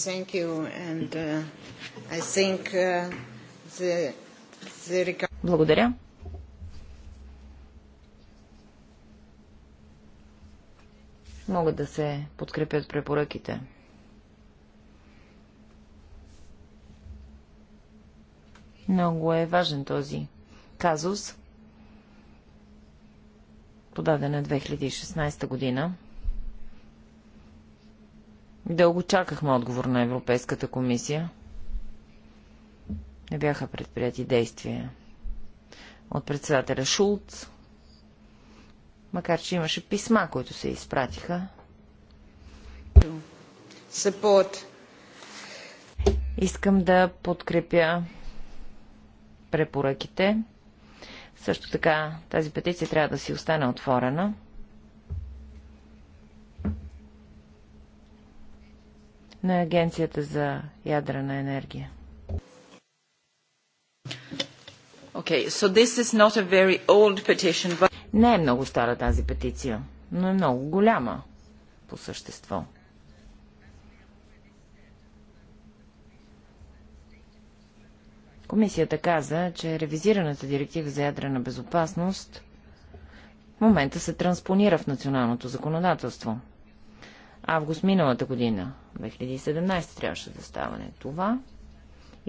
Thank you. And, uh, I think, uh, the, the... Благодаря. могат да се подкрепят препоръките. Много е важен този казус, подаден на 2016 година. Дълго чакахме отговор на Европейската комисия. Не бяха предприяти действия от председателя Шулц, макар че имаше писма, които се изпратиха. Support. Искам да подкрепя препоръките. Също така тази петиция трябва да си остане отворена. на Агенцията за ядрена енергия. Okay, so this is not a very old petition, but... Не е много стара тази петиция, но е много голяма по същество. Комисията каза, че ревизираната директива за ядрена безопасност в момента се транспонира в националното законодателство. Август миналата година, 2017, трябваше да ставане това.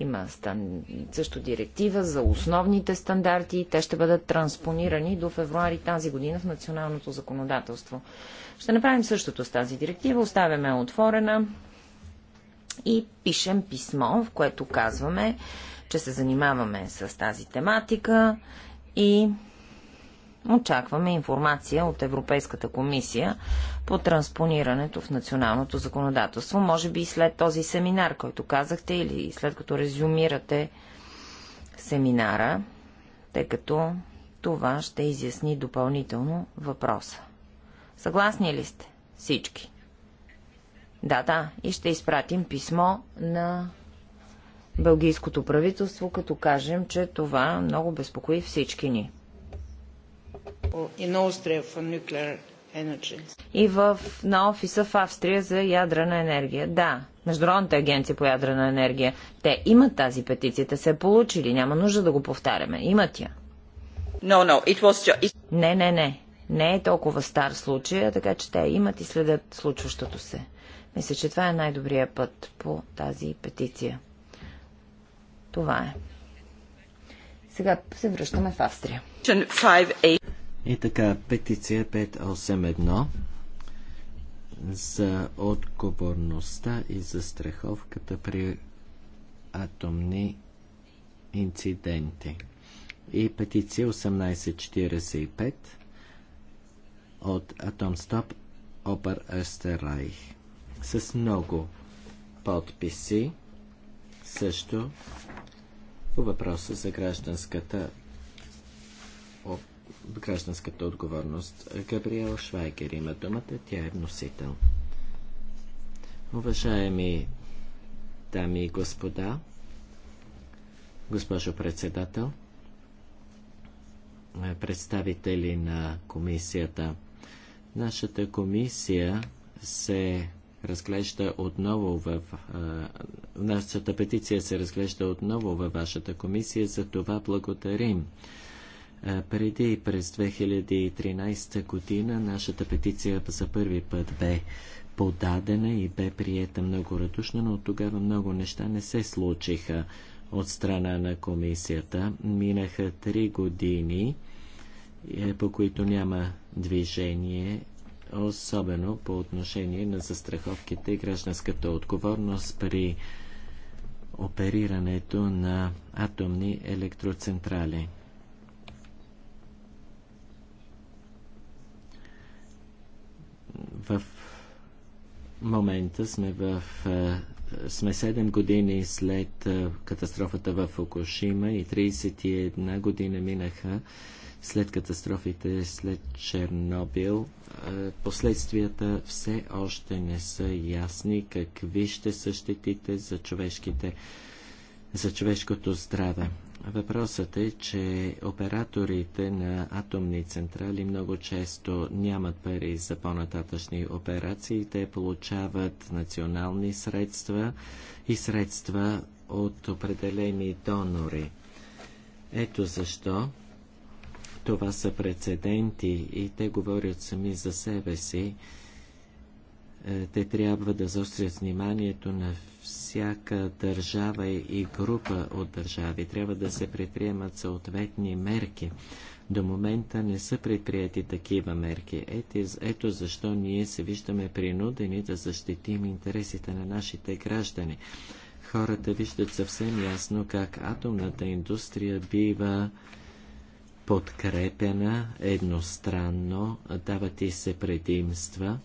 Има стан... също директива за основните стандарти и те ще бъдат транспонирани до февруари тази година в националното законодателство. Ще направим същото с тази директива, оставяме отворена и пишем писмо, в което казваме, че се занимаваме с тази тематика и Очакваме информация от Европейската комисия по транспонирането в националното законодателство. Може би и след този семинар, който казахте, или след като резюмирате семинара, тъй като това ще изясни допълнително въпроса. Съгласни ли сте всички? Да, да, и ще изпратим писмо на бългийското правителство, като кажем, че това много безпокои всички ни. И в, на офиса в Австрия за ядрена енергия. Да, Международната агенция по ядрена енергия. Те имат тази петиция, те са е получили, няма нужда да го повтаряме. Имат я. No, no, it was just... Не, не, не. Не е толкова стар случай, така че те имат и следят случващото се. Мисля, че това е най-добрият път по тази петиция. Това е. Сега се връщаме в Австрия. И така, петиция 581 за отговорността и застраховката при атомни инциденти. И петиция 1845 от Атомстоп Опер Естерайх с много подписи също по въпроса за гражданската гражданската отговорност. Габриел Швайгер има думата, тя е вносител. Уважаеми дами и господа, госпожо председател, представители на комисията. Нашата комисия се разглежда отново в... нашата петиция се разглежда отново във вашата комисия, за това благодарим. Е, преди и през 2013 година нашата петиция за първи път бе подадена и бе приета много радушно, но от тогава много неща не се случиха от страна на комисията. Минаха три години, е, по които няма движение, особено по отношение на застраховките и гражданската отговорност при оперирането на атомни електроцентрали. в момента сме в е, сме 7 години след е, катастрофата в Фукушима и 31 година минаха след катастрофите след Чернобил. Е, последствията все още не са ясни какви ще са щетите за човешките за човешкото здраве. Въпросът е, че операторите на атомни централи много често нямат пари за по-нататъчни операции. Те получават национални средства и средства от определени донори. Ето защо това са прецеденти и те говорят сами за себе си. Е, те трябва да заострят вниманието на всяка държава и група от държави трябва да се предприемат съответни мерки. До момента не са предприяти такива мерки. Ето, ето защо ние се виждаме принудени да защитим интересите на нашите граждани. Хората виждат съвсем ясно как атомната индустрия бива подкрепена едностранно, дават и се предимства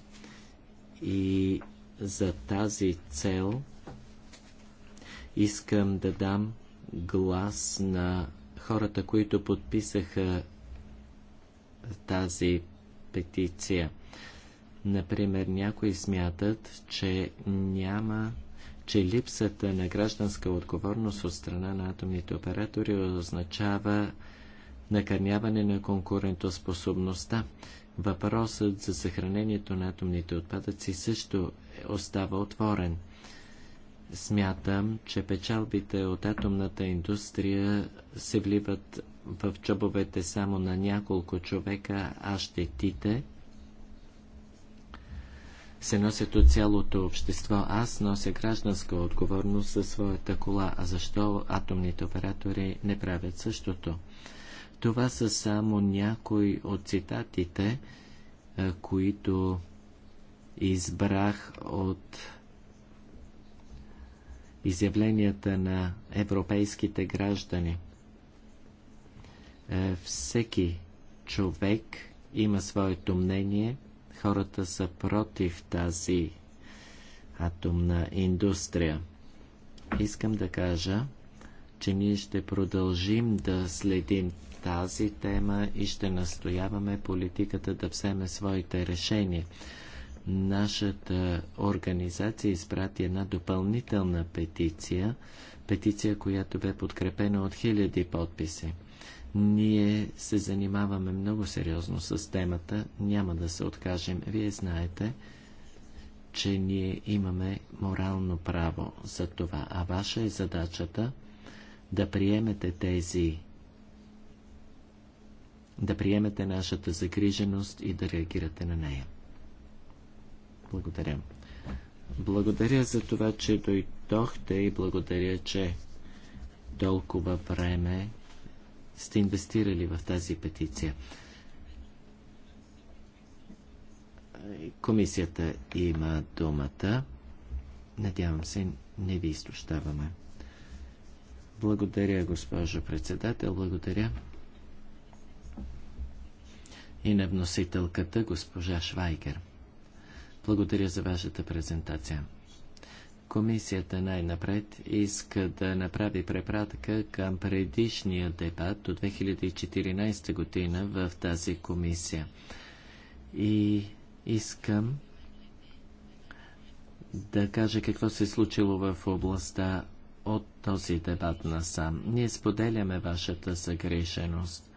и за тази цел – Искам да дам глас на хората, които подписаха тази петиция. Например, някои смятат, че няма че липсата на гражданска отговорност от страна на атомните оператори означава накърняване на конкурентоспособността. Въпросът за съхранението на атомните отпадъци също остава отворен. Смятам, че печалбите от атомната индустрия се вливат в чобовете само на няколко човека, а щетите се носят от цялото общество. Аз нося гражданска отговорност за своята кола. А защо атомните оператори не правят същото? Това са само някои от цитатите, които избрах от изявленията на европейските граждани. Е, всеки човек има своето мнение. Хората са против тази атомна индустрия. Искам да кажа, че ние ще продължим да следим тази тема и ще настояваме политиката да вземе своите решения нашата организация изпрати една допълнителна петиция, петиция, която бе подкрепена от хиляди подписи. Ние се занимаваме много сериозно с темата, няма да се откажем. Вие знаете, че ние имаме морално право за това, а ваша е задачата да приемете тези да приемете нашата загриженост и да реагирате на нея. Благодаря. Благодаря за това, че дойдохте и благодаря, че толкова време сте инвестирали в тази петиция. Комисията има думата. Надявам се, не ви изтощаваме. Благодаря, госпожо председател. Благодаря. И на вносителката, госпожа Швайгер. Благодаря за вашата презентация. Комисията най-напред иска да направи препратка към предишния дебат до 2014 година в тази комисия. И искам да кажа какво се е случило в областта от този дебат насам. Ние споделяме вашата загрешеност.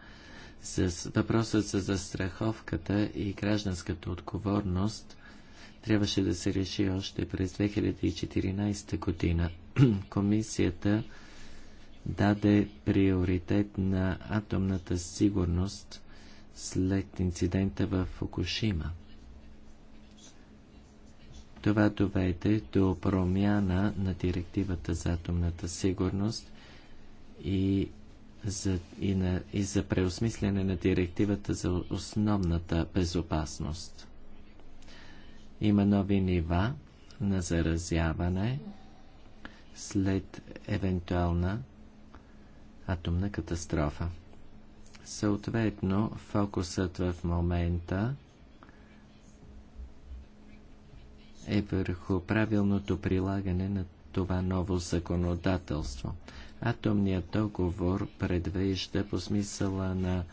С въпросът за застраховката и гражданската отговорност трябваше да се реши още през 2014 година. (clears throat) Комисията даде приоритет на атомната сигурност след инцидента в Фукушима. Това доведе до промяна на директивата за атомната сигурност и за, и, на, и за преосмислене на директивата за основната безопасност. Има нови нива на заразяване след евентуална атомна катастрофа. Съответно, фокусът в момента е върху правилното прилагане на това ново законодателство. Атомният договор предвижда по смисъла на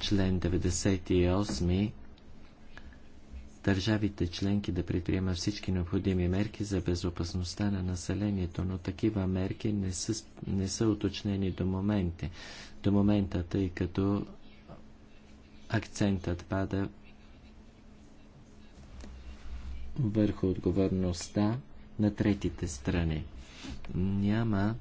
член 98 държавите членки да предприемат всички необходими мерки за безопасността на населението, но такива мерки не са, не са уточнени до, момента. до момента, тъй като акцентът пада върху отговорността на третите страни. Няма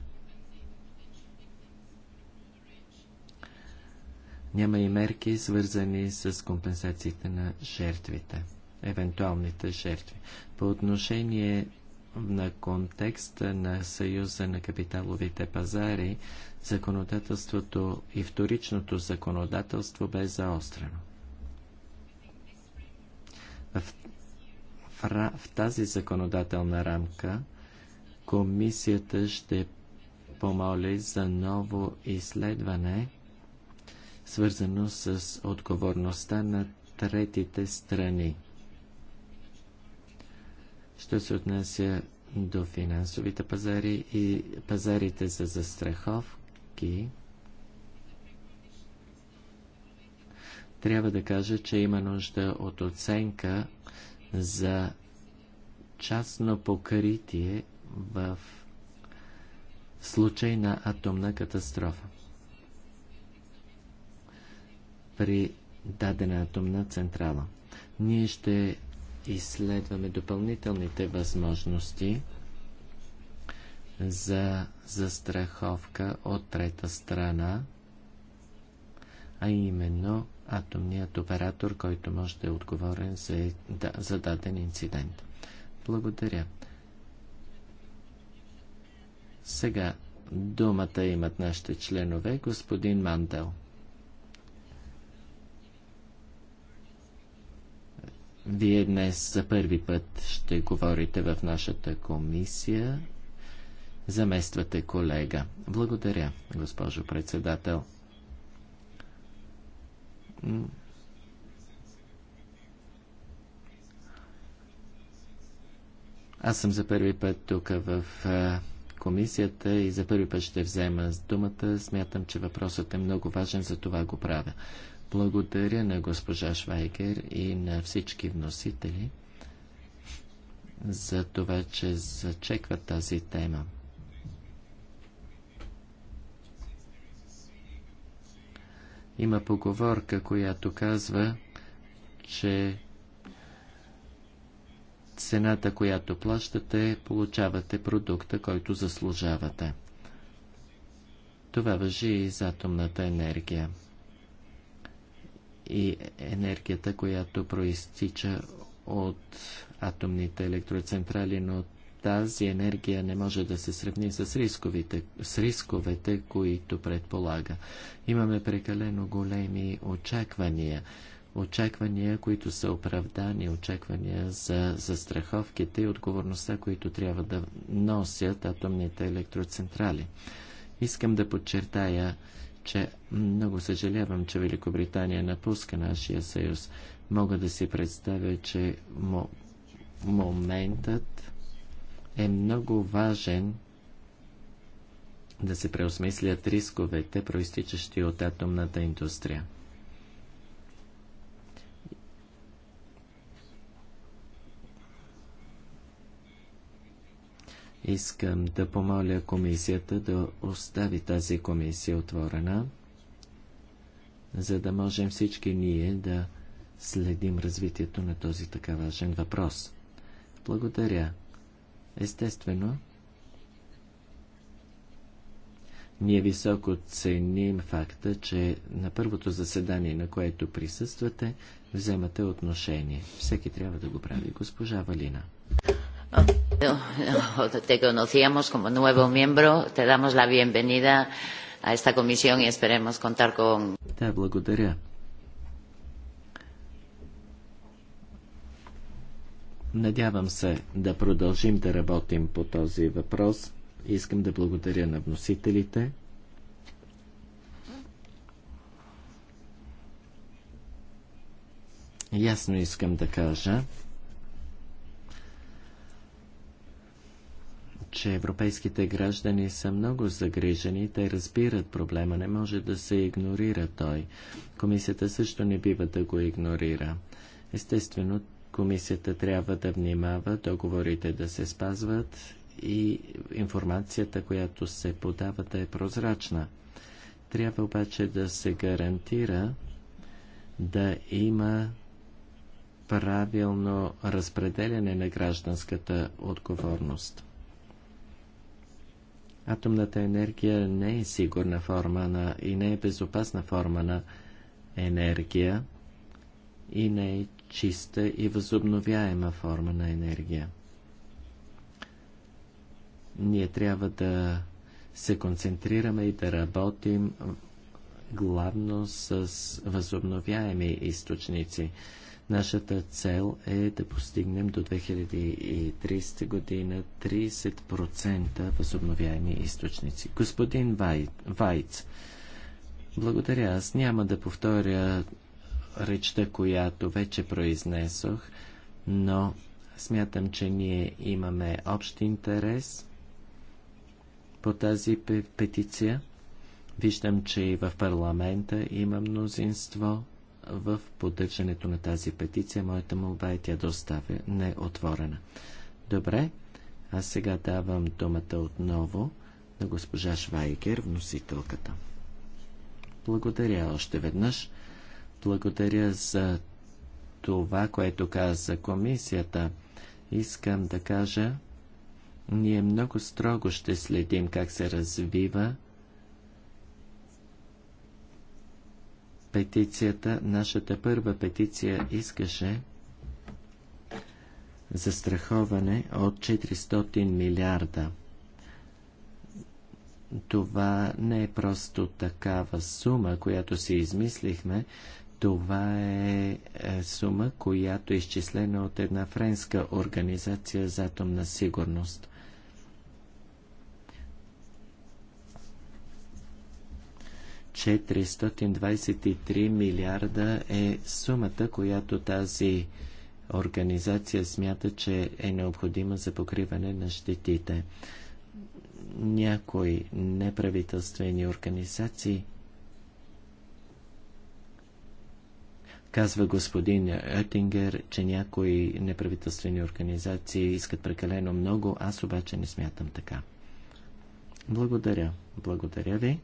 няма и мерки, свързани с компенсациите на жертвите евентуалните жертви. По отношение на контекста на Съюза на капиталовите пазари, законодателството и вторичното законодателство бе заострено. В, в, в тази законодателна рамка комисията ще помоли за ново изследване, свързано с отговорността на третите страни. Що се отнася до финансовите пазари и пазарите за застраховки, трябва да кажа, че има нужда от оценка за частно покритие в случай на атомна катастрофа. При дадена атомна централа. Ние ще изследваме допълнителните възможности за застраховка от трета страна, а именно атомният оператор, който може да е отговорен за, да, за даден инцидент. Благодаря. Сега думата имат нашите членове, господин Мандел. Вие днес за първи път ще говорите в нашата комисия. Замествате колега. Благодаря, госпожо председател. Аз съм за първи път тук в комисията и за първи път ще взема думата. Смятам, че въпросът е много важен, за това го правя. Благодаря на госпожа Швайгер и на всички вносители за това, че зачекват тази тема. Има поговорка, която казва, че цената, която плащате, получавате продукта, който заслужавате. Това въжи и за атомната енергия и енергията, която проистича от атомните електроцентрали, но тази енергия не може да се сравни с, рисковите, с рисковете, които предполага. Имаме прекалено големи очаквания. Очаквания, които са оправдани, очаквания за застраховките и отговорността, които трябва да носят атомните електроцентрали. Искам да подчертая, че много съжалявам, че Великобритания напуска нашия съюз. Мога да си представя, че моментът е много важен да се преосмислят рисковете, проистичащи от атомната индустрия. Искам да помоля комисията да остави тази комисия отворена, за да можем всички ние да следим развитието на този така важен въпрос. Благодаря. Естествено, ние високо ценим факта, че на първото заседание, на което присъствате, вземате отношение. Всеки трябва да го прави. Госпожа Валина. Te conocíamos como nuevo miembro, te damos la bienvenida a esta comisión y esperemos contar con... Да, благодаря. Надявам се да продължим да работим по този въпрос. Искам да благодаря на вносителите. Ясно искам да кажа, че европейските граждани са много загрижени, те разбират проблема, не може да се игнорира той. Комисията също не бива да го игнорира. Естествено, комисията трябва да внимава договорите да се спазват и информацията, която се подава да е прозрачна. Трябва обаче да се гарантира да има правилно разпределяне на гражданската отговорност. Атомната енергия не е сигурна форма на и не е безопасна форма на енергия и не е чиста и възобновяема форма на енергия. Ние трябва да се концентрираме и да работим главно с възобновяеми източници. Нашата цел е да постигнем до 2030 година 30% възобновяеми източници. Господин Вайц, благодаря. Аз няма да повторя речта, която вече произнесох, но смятам, че ние имаме общ интерес по тази петиция. Виждам, че и в парламента има мнозинство в поддържането на тази петиция. Моята молба е тя да оставя неотворена. Добре, аз сега давам думата отново на госпожа Швайгер, вносителката. Благодаря още веднъж. Благодаря за това, което каза комисията. Искам да кажа, ние много строго ще следим как се развива петицията, нашата първа петиция искаше застраховане от 400 милиарда. Това не е просто такава сума, която си измислихме. Това е, е сума, която е изчислена от една френска организация за атомна сигурност. 423 милиарда е сумата, която тази организация смята, че е необходима за покриване на щетите. Някои неправителствени организации Казва господин Етингер, че някои неправителствени организации искат прекалено много, аз обаче не смятам така. Благодаря. Благодаря ви.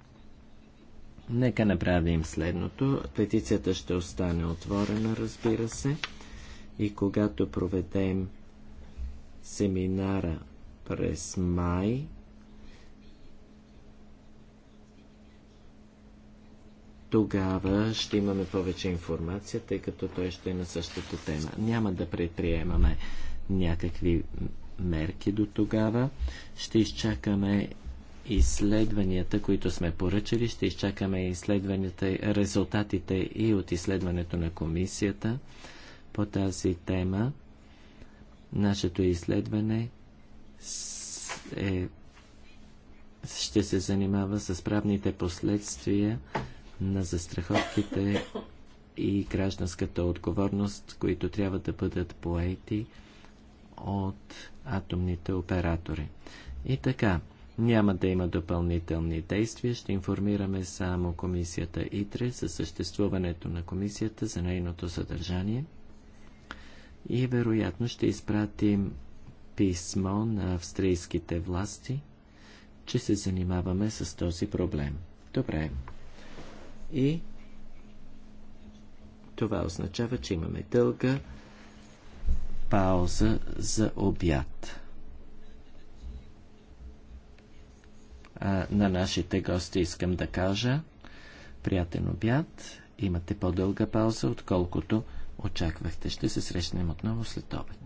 Нека направим следното. Петицията ще остане отворена, разбира се. И когато проведем семинара през май, тогава ще имаме повече информация, тъй като той ще е на същата тема. Няма да предприемаме някакви мерки до тогава. Ще изчакаме изследванията, които сме поръчали. Ще изчакаме изследванията, резултатите и от изследването на комисията по тази тема. Нашето изследване е, ще се занимава с правните последствия на застраховките и гражданската отговорност, които трябва да бъдат поети от атомните оператори. И така, няма да има допълнителни действия, ще информираме само комисията ИТРЕ за съществуването на комисията, за нейното съдържание и вероятно ще изпратим писмо на австрийските власти, че се занимаваме с този проблем. Добре. И това означава, че имаме дълга пауза за обяд. на нашите гости искам да кажа приятен обяд, имате по-дълга пауза, отколкото очаквахте. Ще се срещнем отново след обед.